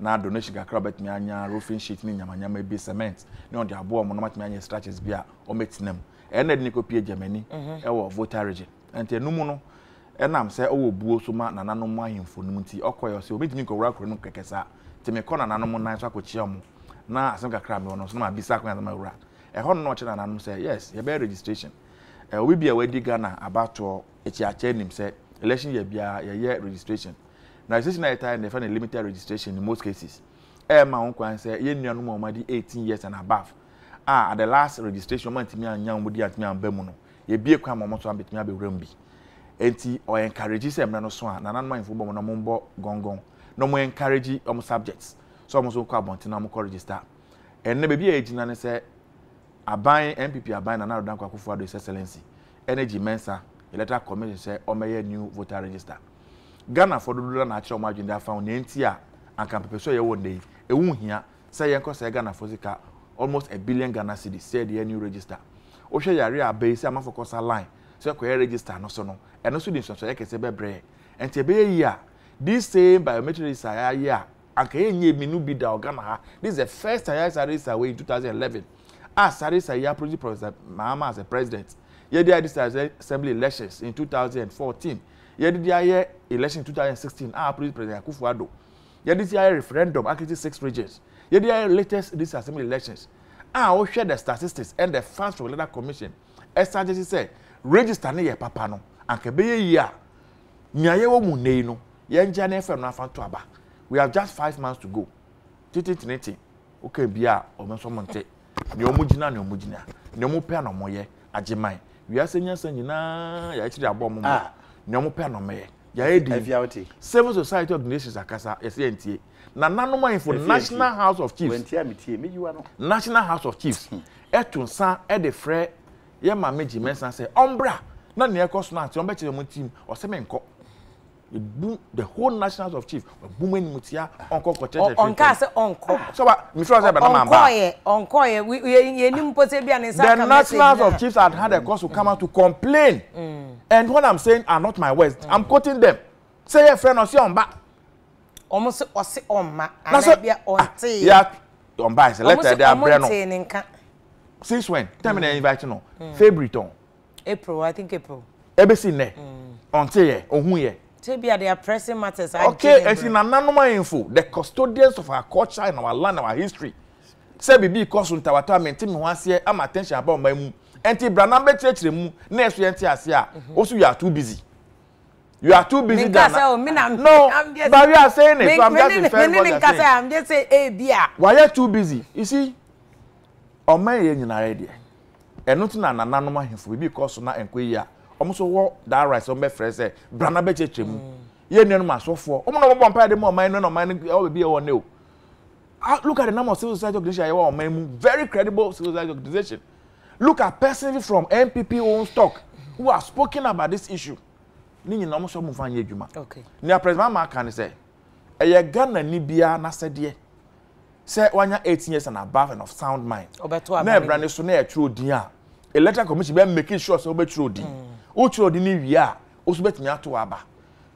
na donation kakra ɔbɛtumi anya roofing sheet ne nyamanyama bi cement ne ɔde aboa ɔmo na ɔmatumi anya stretches bi a ɔmɛtena mu ɛna ɛde ne kɔpie germany mhm. ɛwɔ voter region nti ɛnum no ɛnam sɛ ɔwɔ buo so ma nananom ahemfo no mu nti ɔkɔyɛ ɔsɛ obi tumi nkɔwura kuro no mu kɛkɛ saa nti mekɔ nananom nan so akɔkyea mo na asɛm kakra mi wɔ no so na mabisa akɔnya sɛ mawura ɛhɔ no na ɔkyerɛ nananom sɛ yes yɛbɛyɛ registration ɛɛ obi bi a wadi ghana abatoɔ ekyiakyɛ nim sɛ election yɛ biara yɛyɛ registration na registration a yɛtaa yɛ fɛ no limited registration in most cases ɛyɛ ma ho kwan sɛ yɛn nuanom a wɔn adi eighteen years and above a at the last registration wɔn antumi anya wɔn di antumi amba mu no yɛbie kwan ma wɔn nso abetumi abɛwura mu bi nti ɔyɛ encourage sɛ mmerɛ no so a nananom ahemfo bɔ wɔn na wɔn bɔ gɔngɔn na wɔn encourage wɔn subjects so wɔn nso kɔ abɔnten na wɔn kɔ register ɛnna beebi a yɛgyina ne sɛ aban npp aban nana adodan kwakofo ado sɛ sɛlɛnsi ɛna gyi electoral commission sɛ ɔmɛyɛ new voter register ghana fɔ dodo na akyerɛ ɔmo adwene afa wɔn ne nti a anka so a yɛwɔ nne yi ewu hia sɛ yɛn kɔ sɛ ghana fɔ sika almost a billion ghana cedi sɛ deɛ new register wohwɛ yare a abɛyi sɛ amafo kɔsa line sɛ kɔyɛ register no so no ɛno so de nsonsoyɛ kɛse bɛbrɛ nti ɛbɛyɛ yi a this same biometric register a yɛayɛ a anka yɛnyɛ mmienu bi da ɔghana ha this is the first time yɛayɛ saa register wɔ yi in 2011 a saa register yi approach professor mahama as a president yɛde ayɛ district assembly elections in 2014 yɛde de ayɛ election 2016 a apre president akufo ado yɛde ti ayɛ referendum akiti six regions yɛde ayɛ latest district assembly elections a ah, wɔhwɛ the statistics and the funds from leather commission ɛsan gyesi sɛ register ne yɛ papa no anka bɛyɛ yie a nea yɛwɔ mu nne yi no yɛngya ne fɛn no afa to aba we have just five months to go titi tiniti oke bia ɔmo nso mo nte nea ɔmo gyina nea ɔmo gyina nea ɔmo pɛ na ɔmo yɛ agyeman wiase nyansa nyinaa yɛakyerɛ abɔ mo mu ah. nea ɔmo pɛ no mɛyɛ yɛayɛ di civil society of the nations akasa yɛsɛ yɛntie na nanom ahemfo national house of chiefs national house of chiefs hmm. ɛto nsa ɛde frɛ yɛ maame gyimɛnsa sɛ ɔmbra na nea ɛkɔ so no ate ɔmbɛkyerɛ mo tim ɔsɛ menkɔ ebu the whole national of chief ebu mu enim tia ɔnkɔ kɔ church ɛfiri ɔnka ase ɔnkɔ sɔba mifra sɛ bɛnna maa ba ɔnkɔyɛ ɔnkɔyɛ we yɛ enim pɔsɛ bi a ne nsa ka mɛsɛn na the national of chiefs had had a cause to come out to complain mm. and what i'm saying are not my words mm. i'm quoting them say yɛ fɛ na ɔsi ɔnba ɔmo sɛ ɔsi ɔnma anabia ɔnte yɛ ɔnba ɛsɛ lɛtɛ de abrɛ no since when tell me na mm. invite no mm. february tɔn april i think april Ebe ebesi nɛ ɔnte mm. ye, ohun yɛ. Tibia, they are pressing matters. Okay, it's in an anonymous info. The custodians of our culture and our land, our history. Say, baby, because on Tawata, maintain me once here, I'm attention about my mum. And Tibra number church, the mum, next year, Asia. Also, mhm. you are too busy. You are too busy. Than, oh, no, I'm just, but we are saying it. So I'm just referring to what you're saying. I'm just saying, hey, Bia. Why are too busy? You see, on my end, you're not ready. And not in an anonymous info, because on that, and queer ɔmo nso wɔ daa rice ɔmo bɛ fɛrɛ sɛ brana bɛ kyerɛkyerɛ mu yɛ nua no mu asɔfoɔ ɔmo na ɔmo bɔ mpaeɛ de mu ɔman no na ɔman no ɛwɔ ne o look at the number of civil society organization a yɛwɔ ɔman mu very credible civil society organization look at person from npp own stock who have spoken about this issue ne nyinaa ɔmo sɔ ɔmo fan yɛ adwuma nea president ama aka ne sɛ ɛyɛ ghana ni biara n'asɛdeɛ sɛ wanya eighteen years and above and of sound mind na ɛbrane so na yɛ twerɛ odin a electoral commission bɛ making sure sɛ ɔbɛ twerɛ odin. Hmm wotwerɛ de ne wie a woso bɛtumi ato aba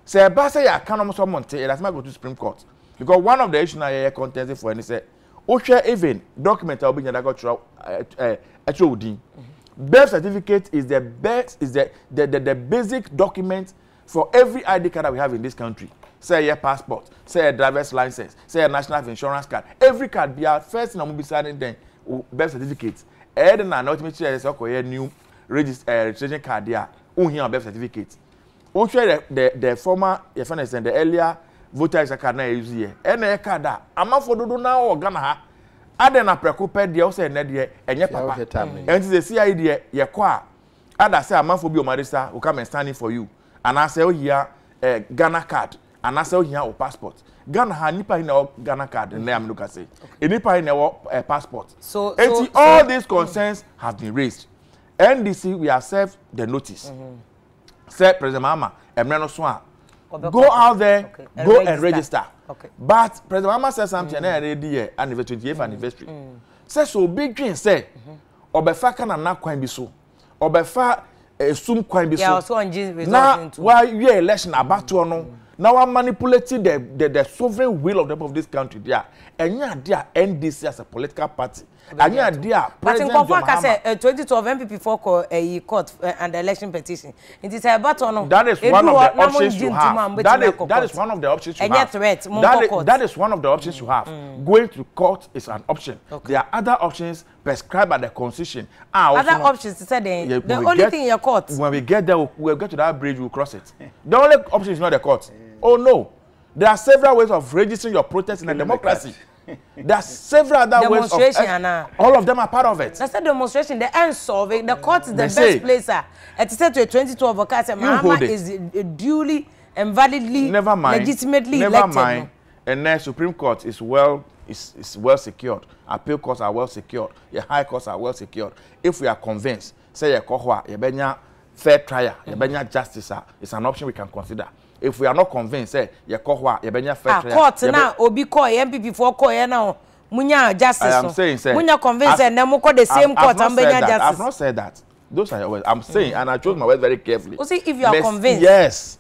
sɛ ɛba sɛ yɛaka no sɛ mɔnte yɛdasɛm akɔ supreme court because one of the issue na yɛyɛ contest for ɛne sɛ wohwɛ even document a wobɛnya dakɔtwerɛ ɛtwerɛ wo din birth certificate is the best is the the the, the basic document for every id card that we have in this country say your passport say your driver's license say your national insurance card every card be our first na mo be signing then birth certificate ẹ̀ẹ́dẹ̀ náà ultimately ẹ̀ sọ́kọ̀ yẹ new registration card there Who here wohia birth certificate wohwɛ the the the former yɛfɛ no sɛn the earlier voter isa card na yɛuse yɛ ɛna yɛ card ah, ah. a amanfoɔ dodo na wɔ ghana ha adɛn na prɛko pɛ deɛ wosɛ ɛnɛ deɛ ɛnyɛ papa ɛnti sɛ si ayi deɛ yɛkɔ a ada sɛ amanfoɔ bi ɔmo adisa woka mɛ standing for you anaasɛ ohia ɛɛ eh, ghana card anaasɛ ohia o oh, passport ghana ha nipa yi na ɛwɔ ghana card nnɛ amino kase nipa yi na ɛwɔ ɛɛ eh, passport. so so eti all these concerns have been raised ndc we have served the notice mm-hmm. sẹ president mahama ẹmẹ no so a go out there okay. go and, and register okay. but president mahama said something ẹnna yẹn di yẹ anniversary twenty eight mm-hmm. anniversary mm-hmm. sẹ so obi dwin sẹ ọbẹfa kanana kwan bi so ọbẹfa esum eh, kwan bi so na wawie election abatoɔ no na wa manipulate the the the sovereign will of the people of this country there ɛnyɛ adi a ndc as a political party anyị adị a there jọma ama but nkọfọ akasị 2012 npp fọ kọ eyi eh, court eh, and election petition It is nti sị ebe atọ nọ edu hɔ na mo di ntoma mgbe tí na kọ court enye threat mo nkọ court that is one of the options you have mm. going to court is an option okay. there are other options prescribed by the constitution. Ah, other options to say then yeah, the only get, thing in your court. When we get there, we'll, we'll get to that bridge, we'll cross it. the only option is not the court. Mm. Oh no. There are several ways of registering your protest in a democracy. there are several other ways of uh, all of them are part of it. That's a demonstration. The end solving. The court is the they best say, place. Uh, it is said to a 2012 occurrence. Mahama is uh, duly and validly, never mind, legitimately never elected. Never mind. And then Supreme Court is well is, is well secured. Appeal courts are well secured. Your high courts are well secured. If we are convinced, say your kohwa, your benya fair trial, your benya justice, uh, it's an option we can consider if we are not convinced eh, sɛ yɛkɔ hɔ a yɛbɛnya fair ah, trial. a court na obi kɔ yɛ npp fo kɔ yɛ na munya justice so munya convinced sɛ na mu kɔ the same court and bɛnya justice. i have eh, not said that those are your words i am saying and i chose my words very carefully. o say if you are convinced. yes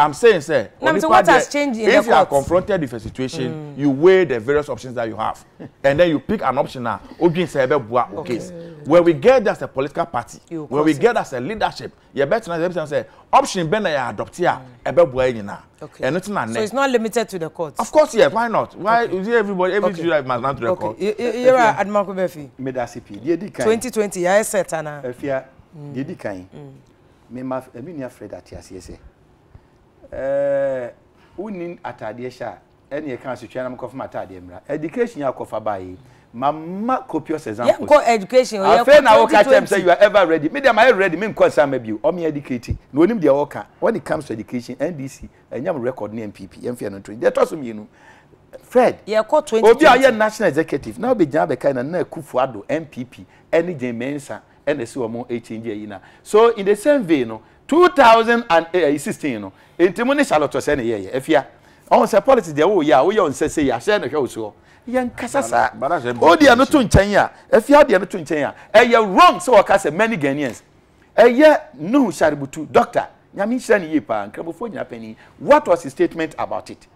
I'm saying, sir, no, so what has changed in if the you are confronted with a situation, mm. you weigh the various options that you have, and then you pick an option now. Okay. When we get as a political party, you when we it. get as a leadership, you better not say option ben ya adopt here, mm. ebe bua nyina. Okay. And it's not So it's not limited to the court. Of course, yes. Why not? Why okay. is everybody every okay. July must not to the okay. court? Okay. You're are Admiral Kobefi. Me da CP. Dey di kan. 2020 ya set ana. Efia. Mm. Dey mm. Me ma me nua Fred ati ase ese ɛɛ wonni ataadeɛ hyɛ a ɛne yɛ kan asotwa nam kɔfam ataadeɛ mmra education yɛ akɔfa baa yi ma copious examples. Yeah, education yɛ kɔ now. twenty afei na wɔka kyɛm you are ever ready mi deɛ ma ready mi nkɔ sama bi o ɔmi educating No onim deɛ wɔka when it comes to education ndc ɛnyam record ne npp yɛn fɛ no twenty They ɛtɔ so mmienu fred yɛ kɔ twenty obi a national executive Now na ɔbɛ gyina abɛka na nna kufu ado npp Any jɛn mɛnsa ɛna esi wɔn ɛkyɛn gye yi na so in the same vein no. 2016 eh, eh, no nti mu ne charlotte sɛ ne yɛyɛ afia ɔn sɛ politics deɛ woyɛ a woyɛ ɔnsɛ sɛ yɛ ahyɛ no hwɛ wo soɔ yɛnkasa saa odeɛ no to nkyɛn a afia deɛ no to nkyɛn a ɛyɛ wrong sɛ wɔka sɛ many ghanians ɛyɛ nuhu shaributu doctor nyame nhyira ne yie paa nkramofoɔ nyina panin what was his statement about it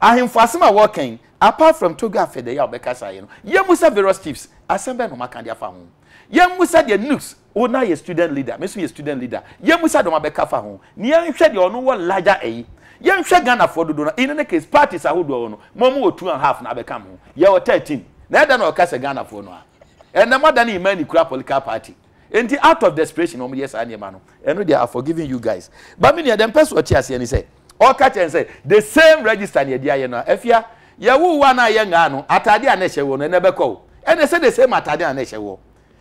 ahemfo asɛm a wɔkɛn apart from togo afɛdɛyɛ a wɔbɛkasa yɛ no yɛmu sɛ various chiefs asɛm bɛɛ na ɔmaka de afa ho yɛmu sɛ deɛ nukes Oh, na yɛ student leader me nso yɛ student leader yɛn musa sa dɔm abɛka fa ho ni yɛn hwɛ deɛ ɔno wɔ larger ɛyi yɛn hwɛ ghana fo dodo na in any case parties ahodoɔ no mo mo wɔ two and half na abɛka mo yɛ wɔ thirteen na ɛda na ɔka sɛ ghana fo no a ɛnna mo ada ne emma kura political party nti out of desperation wɔn yɛ saa nneɛma no ɛno deɛ i forgive you guys but mi ni ɛdɛm pɛ so ɔte aseɛ ni sɛ ɔka kyɛn sɛ the same register ni di ayɛ no ɛfia yɛwu wa na yɛ ŋaa no ataade a ne hyɛ wɔ no ɛnɛ bɛkɔ o ɛnɛ sɛ the same ataade a ne hyɛ wɔ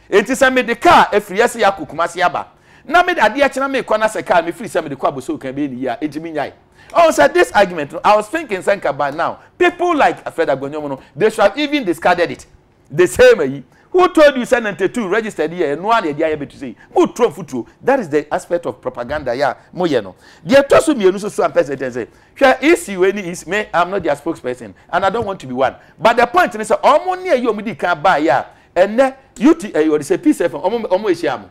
eti sɛ mede kaa efiri ɛsɛ yɛ akɔ kumasi aba na mede adeɛ kyerɛ mi kɔ na sɛ kaa mi firi sɛ mede kɔ abosow kan bɛyɛ niyi a eti mi nyae oh sɛ this argument no i was thinking sɛ nka by now people like afred agbonyomu no they should have even discarded it the same ayi who told you say ninety two registered here nua na yɛde ayɛ betu sɛ mo turo futuo that is the aspect of propaganda yɛ a mo yɛ no deɛ tɔ so mmienu so so am pɛsɛ ten sɛ isi wei ni isi me i am not their spokesperson and i don't want to be one but the point ni sɛ ɔmo ní ɛyɛ ɔmo di kan baa yɛ ɛnɛ ut ɛyɛ eh, wɔde sɛ peace fm ɔmo eh, ɔmo ehyia mo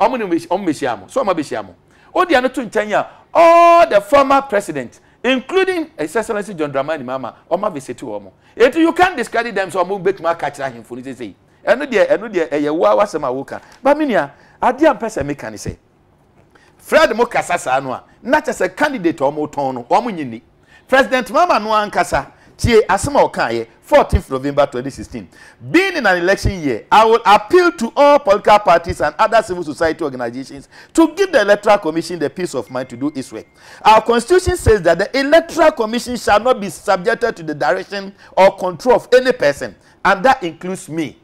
ɔmo ne ɔmo ehyia mo so ɔmo abehyia mo o deɛ no to nkyɛn a all the former president including eh, his excellency john dramani mahama ɔmo abesɛti wɔn etu you can discredit them so ɔmo betuma akakyere ahemfo ne sese ɛno deɛ ɛno deɛ ɛyɛ wo awasɛm a woka baminia adeɛ a mpɛsɛ meka ne sɛ fred mo kasa saa no a na kyɛ sɛ candidate ɔmo tɔn no ɔmo nyini president mahama no ankasa tie asɛm a ɔka yɛ 14th november 2016 being in an election year i will appeal to all political parties and other civil society organisations to give the electoral commission the peace of mind to do its work our constitution says that the electoral commission shall not be subjected to the direction or control of any person and that includes me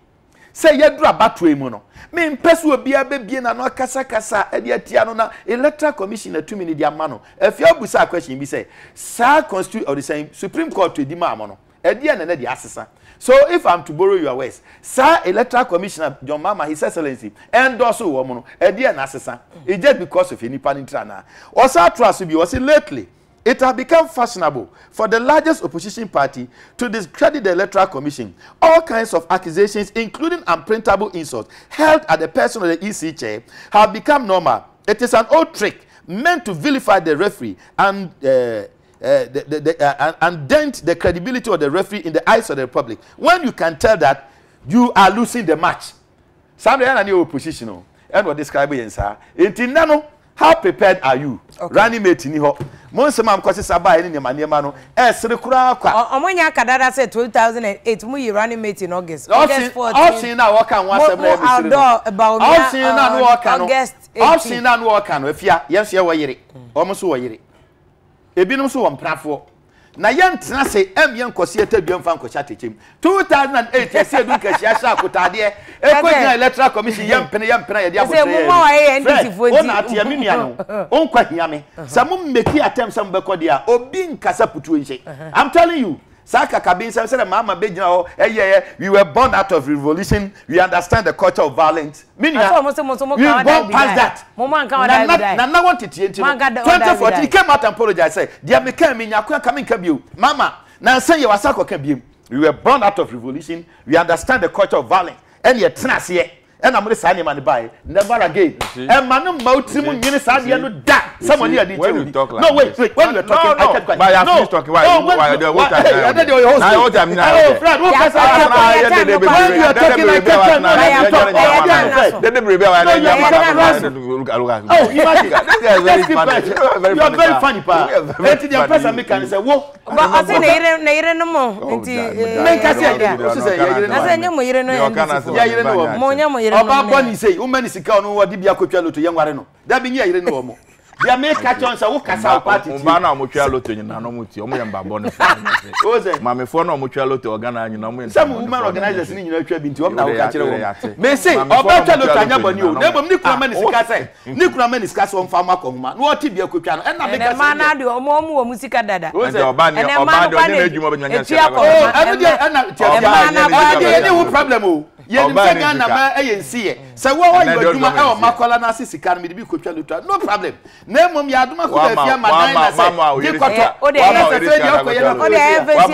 sɛ yɛduru abatoɔ mu no mempɛ sɛ obiara bɛbie n'ano akasakasa ɛde atia no na electoral commission atumi no de ama no afei abu saa question bi sɛ saa constitute ɔde sɛn supreme court edi maa mo no ɛdi yɛ nana de asesa so if i'm to borrow your words saa electoral commissioner john mama his excellency endorse wɔn mo no ɛdi yɛ na asesa It just because of nipa ne tira na ɔsan ato aso bi ɔsi lately. It has become fashionable for the largest opposition party to discredit the Electoral Commission. All kinds of accusations, including unprintable insults, held at the person of the EC chair, have become normal. It is an old trick meant to vilify the referee and uh, uh, the, the, the, uh, and dent the credibility of the referee in the eyes of the public. When you can tell that you are losing the match, somebody in your opposition, and oh. what describe it, sir. It's how prepared are you okay. running mate ni hɔ mo nsɛm a mkɔsi saba yɛ ne nneɛma nneɛma no ɛsere eh, koraa kwa. ɔmo nya akadada sɛ two oh mu yi running mate in august. ɔsin ɔsin na wɔka ho asɛm na ɛbi um, siri no ɔsin na August. wɔka no ɔsin na no wɔka no efia yɛn nso yɛ wɔ mm. yere ɔmo nso wɔ yere ebinom nso wɔ na yɛntena se ɛm yɛn nkɔsi ɛtɛdua mfa nkɔhyɛ atɛkyɛm two thousand and eight yɛsi edu nkɛhyɛ ahyɛ akotaadeɛ ekɔgyina electoral commission yɛn mpene yɛn mpene yɛde abotire yɛ fɛ wɔn na ateɛ mi nua no wɔn nkɔ hiame sɛ uh-huh. mo mmeki atɛm sɛ mo bɛkɔ deɛ obi nkasa putuo nhyɛ uh-huh. i'm telling you saa kaka bi nsɛm sɛdeɛ maama bɛ gyina hɔ ɛyɛ yɛ we were born out of revolution we understand the culture of violence minia we born past that na na wɔn tete nti no twenty fourteen he came out and apologize sɛ deɛ mi kɛn mi nya ko kame nka bio maama nansan yɛ wasa kɔka bio we were born out of revolution we understand the culture of violence ɛni yɛ tena aseɛ ɛna mo de saa nneɛma ne baa yi never again ɛma ne mma o ti mu nyini saa deɛ no da sɛmo ni adi jɛ obi no wait wait when you are talking i can't go no no when you are talking your host oh fred who kasa ati when you are talking i can't no i am talking i am talking dede biribi awa ɛna yam ala oh imagine that's very funny you are very funny pa eti di apesa mi kan sɛ wo. ba ɔsi na yire na yire no mo nti. mɛ n kasi yɛ yire no sisɛ yɛ yire no wa. na sɛ n ye mo yire no yɛ n disi yɛ yire no wa mo n ye mo yire yere no ọba bọ ni sei woma ni sika ọno wọ de bi loto yɛ nware no da bi nyɛ yere no wɔ mo deɛ meka kyɛ sɛ wo kasa wo party ti mmaa na ɔmotwa loto nyina no mo ti ɔmo yɛ mbabɔ ne fo maamefoɔ na ɔmotwa loto ɔgana nyina ɔmo yɛ sɛ mo woman organizers ni nyina atwa bi nti ɔmo na woka kyerɛ wɔm mese ɔbɛtwa loto anyɛ bɔne o na mmom ne kura ma ne sika sɛ ne kura ma ne sika sɛ ɔmfa ma kɔhoma na ɔte bi akotwa no ɛna meka sɛ ɛnɛma na de ɔmo ɔmo wɔ mu sika dada ɛnɛma no kwa ne ɛtua kɔhoma ɛnɛma na kwa deɛ ɛne wo problem o yɛnim sɛ ghana ma ɛyɛ nsi yɛ sɛ wo wɔ yɛ adwuma ɛwɔ makɔla no ase sika no mede bi kɔtwa no problem na mmom yɛ adoma ko baafi ama dan na sɛ de kɔtɔ eh, na sɛ fɛ deɛ ɔkɔyɛ no ɛti deɛ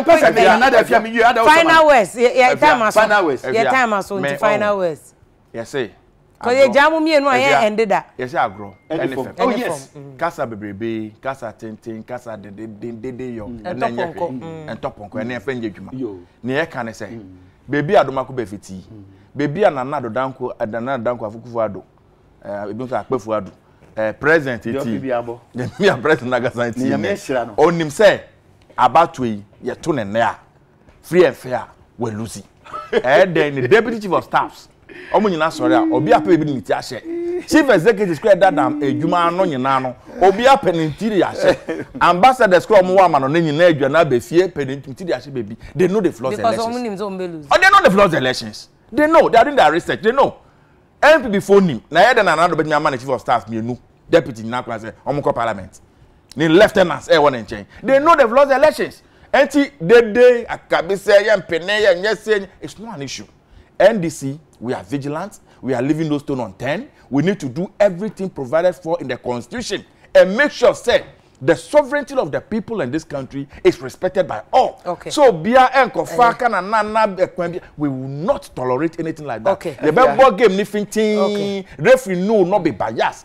mpɛ sɛ bia na da afia mewie ada wo final words yɛ time aso time aso nti final oh. words yɛsɛ kɔyɛ gya mu mmienu a yɛ ɛnde da yɛhyɛ agorɔ ɛne fam oh yes mm. kasa bebrebe kasa tenten kasa dedendede yɔ ɛna nyɛ hwɛ ɛntɔpɔnkɔ ɛna yɛfɛ nyɛ dwuma na yɛka ne sɛ beebi a domako bɛ fiti beebi a nana adodanko nana adodanko afukufo ado ɛɛ ebi nso akpɛfo ado ɛɛ president ti yɛmi a president agasa ti yɛ onim sɛ abato yi yɛto ne nɛ a free and fair wɛ lusi ɛɛ dɛ ne deputy chief of staffs ɔmo nyinaa sɔrɔ a obi apɛ ebi ne ti ahyɛ chief executive kura dadam edwuma ano nyinaa no obi apɛ ne ti de ahyɛ ambassadors kura ɔmo wɔ ama no ne nyinaa edwa na abɛfie pɛ ne ti de ahyɛ baabi they know the flaws elections because ɔmo nim sɛ ɔmo bɛ lose ɔde know the flaws elections they know they are doing their research they know npp phone nim na yɛ de na anadu bɛtumi ama ne chief of staff mienu deputy nyinaa kura sɛ ɔmo kɔ parliament ne lieutenants ɛwɔ ne nkyɛn they know the flaws elections nti dede akabisɛ yɛn pene yɛn nyɛ se it's not an issue ndc we are vigilant we are leaving no stone unturned we need to do everything provided for in the constitution and make sure say the sovereignty of the people in this country is respected by all. Okay. So bia enkofa eh. kana na na ekwan we will not tolerate anything like that. Okay. The yeah. game ni fintin referee no not be biased.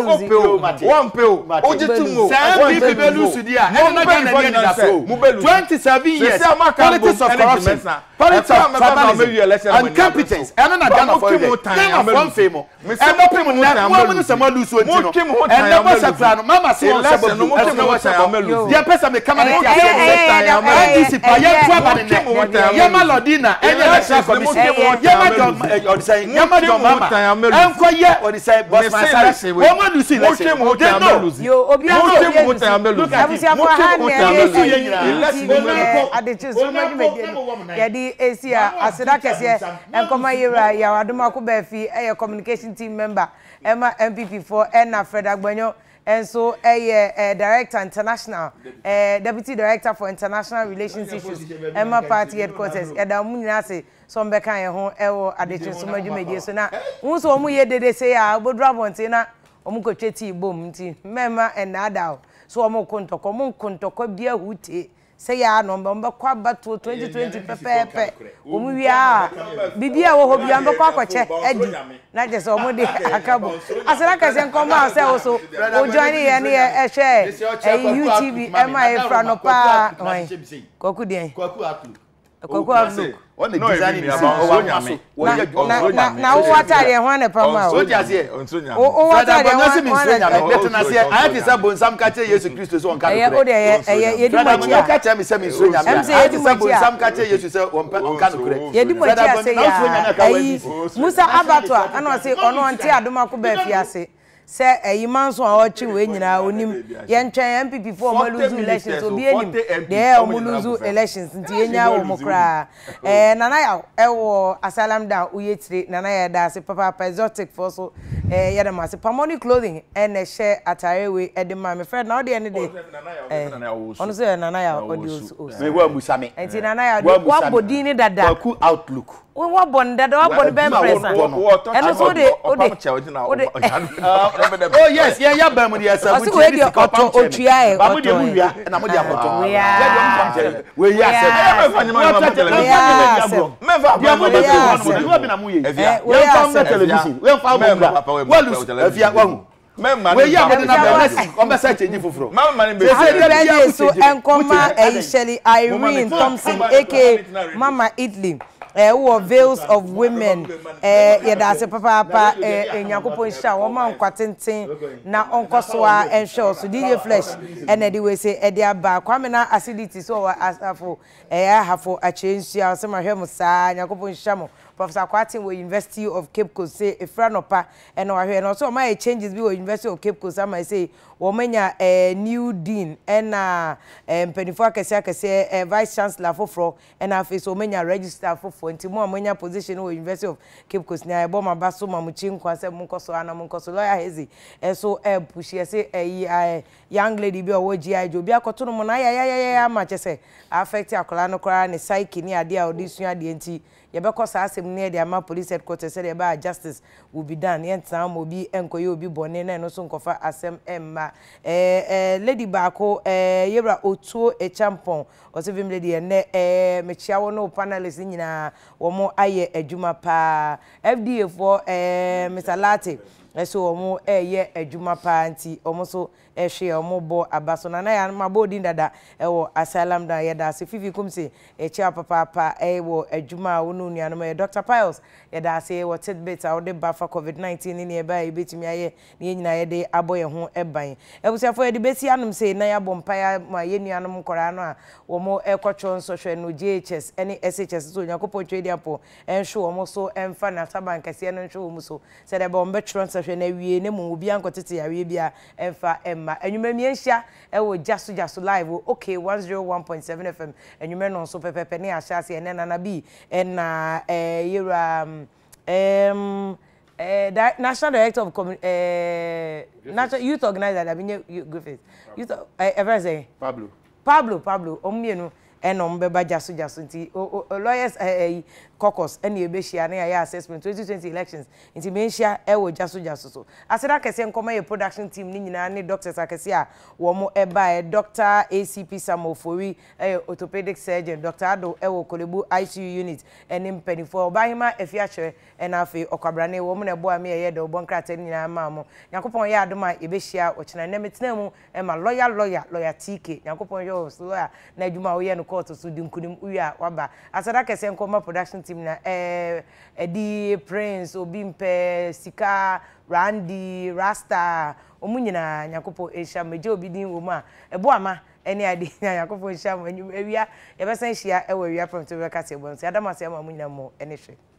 o pe o wọn pe o o ji tun o sẹ́yìn bíbí bẹ́ẹ̀ lùsù di à ẹni náà gbọ́dọ̀ ní ẹ̀dá so twenty seven years politics of corruption politics of tribalism and competence ẹni náà gánà fọ́ ilẹ̀ gánà fọ́ nfẹ̀ mọ́ ẹnna pin mu nẹ wọn mu ni sẹ mo lùsù o ti nọ ẹnna bọ́ sẹ kura no mama sí wọn sẹ bọ́ fún ẹsẹ wọn sẹ bọ́ yẹ pẹ́ sẹ mi kama ní ti àṣẹ ndc pa yẹ fún abàdì nẹ yẹ má lọ́dínà ẹ̀yẹ lẹ́sẹ̀ kọ́mísì yẹ má jọ ọ̀dísẹ́yìn yẹ má jọ mama ẹnkọ yẹ ọ̀dísẹ́yìn bọ́sùmásáyé wọ́n mọ̀ not losing. mo ṣe mo tẹ no yo obi ọsọ yẹn ti mo tẹ amẹ losing. abusia kọ ha ni ẹ yẹ si onẹ adetsi sọmọdun mẹdiyẹ yẹdi esi a aseda kẹsíẹ ẹnkọmọ yẹwura yàwó adumakọ bẹẹ fi ẹyẹ communication team member ẹma npp fọ ẹna fred agbanyo nso ɛyɛ ɛɛ director international ɛɛ deputy director for international relations issues ɛma party headquarters ɛda ɔmo nyinaa se sɔmbɛka yɛn ho ɛwɔ adetsi sọmọdun mẹdiyẹ so na n so ɔmo yɛ dede se a obodo abɔnten na wɔn kɔtwa tii bom nti mmarima ɛnaada o so wɔn ko ntɔkwa wɔn ko bi ahu tee sɛ yɛ ano wɔn bɛkɔ abatoɔ twenty eh, twenty pɛpɛɛpɛ wɔn wia bibi a wɔwɔ bia wɔn bɛkɔ akɔkyɛ ɛdi na kyerɛ sɛ wɔn de aka bɔ asena kɛse nkɔmɔ a sɛ wɔso wɔjɔn ne yɛ ne yɛ ɛhwɛ ɛyi utv ɛma yɛ no paa kɔku deɛ kɔkɔ look ɔna design in si ɔwɔ nyame na wowɔ ataadeɛ ho ana pam a ɔnso nyameɛ ɔnso nyame wowɔ ataadeɛ ho ana ɔnso nyame ɛtena seɛ ayɛ kristo sɛ ɔnka nokorɛ ɛyɛ ɛyɛ ɛyɛ yɛdi mo akyia ka kyerɛ me sɛ musa abatwa ɛna ɔse ɔno ɔnte adoma ko sɛ ɛyi manson a ɔkye wei nyinaa onim MPP npp fo ɔmo luzu elections obi enim deɛ ɔmo luzu elections nti yɛnya wɔ mo koraa oh. ɛɛ nana yà ɛwɔ asylum da oyè tire nana ya da se papa papa exotic fo so ɛɛ yɛ dɛm ase pamoni clothing ɛna ɛhyɛ ataare wei ɛde maa mi fred na ɔde ɛne de oh, ɛɛ ɔno so yɛ nana yà ɔde osu osu ɛnti nana yà ɔde wakɔ abodin ne dada. outlook wọ́n bọ̀ ní dada wọ́n bọ̀ ní bẹ́ẹ̀ pẹ̀sán ẹnu sọ de o de o de oh yes yẹn yá bẹ̀rẹ̀ mu ni ẹsẹ̀ mu tiẹ̀ ní sika ọ̀tọ̀ ọ̀túyà ẹ̀ ọ̀tọ̀ ẹ̀ bàmú de ẹ̀nà mu di àkọ́tọ̀ wíyá wíyá sẹ́mi wíyá sẹ́mi wíyá sẹ́mi mẹ́fà àbúrò mẹ́fà àbúrò mẹ́fà àbúrò wíyá sẹ́mi tẹlifíṣìn wíyá fà mú gbà wọ́ọ̀lù ẹ̀fíà wọ́ọ̀lù wíyá àbúrò náà bẹ̀rẹ̀ ọmọ ẹ̀sẹ̀ ẹ̀kẹ́ yìí fufuro. sẹ́sẹ́ bẹ́ẹ̀ ni èso ẹ̀ńkọ́má ẹ̀yìnṣẹ́lì Irene Thompson aka Mama Idli eh wo veils of women eh yɛda ase Papa eh nyakopɔn hyia wɔn ma nkwatenten na ɔnkɔ so a ɛnhwɛ so dj flesh ɛna de wei sɛ ɛde aba kwame na acidity sɛ ɔwɔ asafo ɛyɛ ahafo akyerɛ nsua sɛ mahwɛ mo saa nyakopɔn hyia mo professor kwati with university of cape coast sɛ efra nɔpa ɛna wahwɛ na ɔsɛ ɔma yɛ changes bi wɔ university of cape coast I might say wɔmanya eh, new dean ena eh, mpanimfoɔ akɛseɛ akɛseɛ eh, vice chancellor foforɔ ena afei so register registrar inti nti mo position wɔ university of cape coast ni ɛbɔ mo aba so ma mo kyi so ana mo so lawyer hezi ɛso eh, eh, pushi ɛsɛ ɛyi ɛɛ young lady bi a ɔwɔ gi agye obi ya ya ya na ayayayaya ama kyɛ sɛ affect akwadaa no koraa ne psyche ni adeɛ a ya sua adeɛ nti yɛbɛkɔ saa asɛm no yɛde ama police headquarters sɛdeɛ ɛbɛa justice will be done yɛntena ama obi nkɔyɛ obi bɔne na ɛno so nkɔfa asɛm eh, mma Eh, eh, eh, a ɛɛ lady baako ɛɛ yɛwura otuo ekyampɔn ɔsɛ fim lady ɛnɛ ɛɛ mekyia wɔn no panelist nyinaa wɔn ayɛ adwuma paa fda for ɛɛ mr lati ɛso wɔn ɛɛyɛ adwuma paa nti wɔn nso ɛhwe a wɔn bɔ aba so nana yɛ anoma bɔ odin dada ɛwɔ asylum dan yɛda ase fifi kum se ɛkyɛ apapaapa ɛwɔ adwuma a wɔn nuanom yɛ dr piles yɛda ase ɛwɔ tidbit a wɔde ba fa covid nineteen ne nea ɛbaa yɛbɛtumi ayɛ ne yɛn nyinaa yɛde abɔ yɛn ho ɛban abusuafoɔ yɛde bɛsi anum se na yɛabɔ mpaeɛ mu a yɛn nuanom nkɔraa no a wɔn ɛkɔtɔ nsɔhwɛ no ghs ɛne shs so onyankopɔn twɛ diapɔ ɛnhwe wɔn so ɛmfa n'asaban kɛseɛ no nhwe wɔn so sɛdeɛ ɛbɛn wɔn bɛtwerɛ nsɔhwɛ na awie ne mu obi ankɔtete awie bi a ɛmfa ɛm mma enwuma mmienhyia ɛwɔ jaso jaso live wɔ ok one zero oh one point seven fm enwuma no nso pɛpɛpɛ ne ahyɛ ase ɛnɛ nana bi ɛna ɛɛ eh, yɛwura ɛɛm. Uh, eh, di national director of commu uh, national youth organizer dabinye griffith youth ever uh, say pablo pablo pablo ọmọ mmienu ẹna ọmọ bẹba jaso jaso nti lawyers caucus ɛna ɛbɛhyia na yɛayɛ assessment 2020 elections nti mɛnhyia ɛwɔ gyaso so aseda kɛseɛ nkɔmɔ yɛ production team ne nyinaa ne doctors akɛseɛ a wɔn ɛbaeɛ doctor acp samuel ɛyɛ orthopedic surgeon doctor ado ɛwɔ kolebu icu unit ɛne mpanimfoɔ ɔbahema afi akyerɛ ɛna afei ɔkwabrane wɔn na ɛboa mi ɛyɛ dɛ ɔbɔ nkrataa ne nyinaa maa mo nyankopɔn yɛ adom a ɛbɛhyia ɔkyena nnɛ metena mu ɛma lɔya lɔya lɔya tk nyankopɔn yɛ ɔso lɔya na adwuma a woyɛ no kɔɔto so di nkunim wowie production ntim na ɛɛ eh, ɛdi prince obi mpɛ sika randy rasta wɔn nyinaa nyakopɔ ehyia mu egya obi din wɔ mu a ɛbo ama ɛne ade na nyakopɔ ehyia mu enyim ewia yɛbɛsan ehyia ɛwɔ ewia pɛm to bɛka se ɛbɔ nso yadama se ama mu nyinaa mo ɛne hwɛ.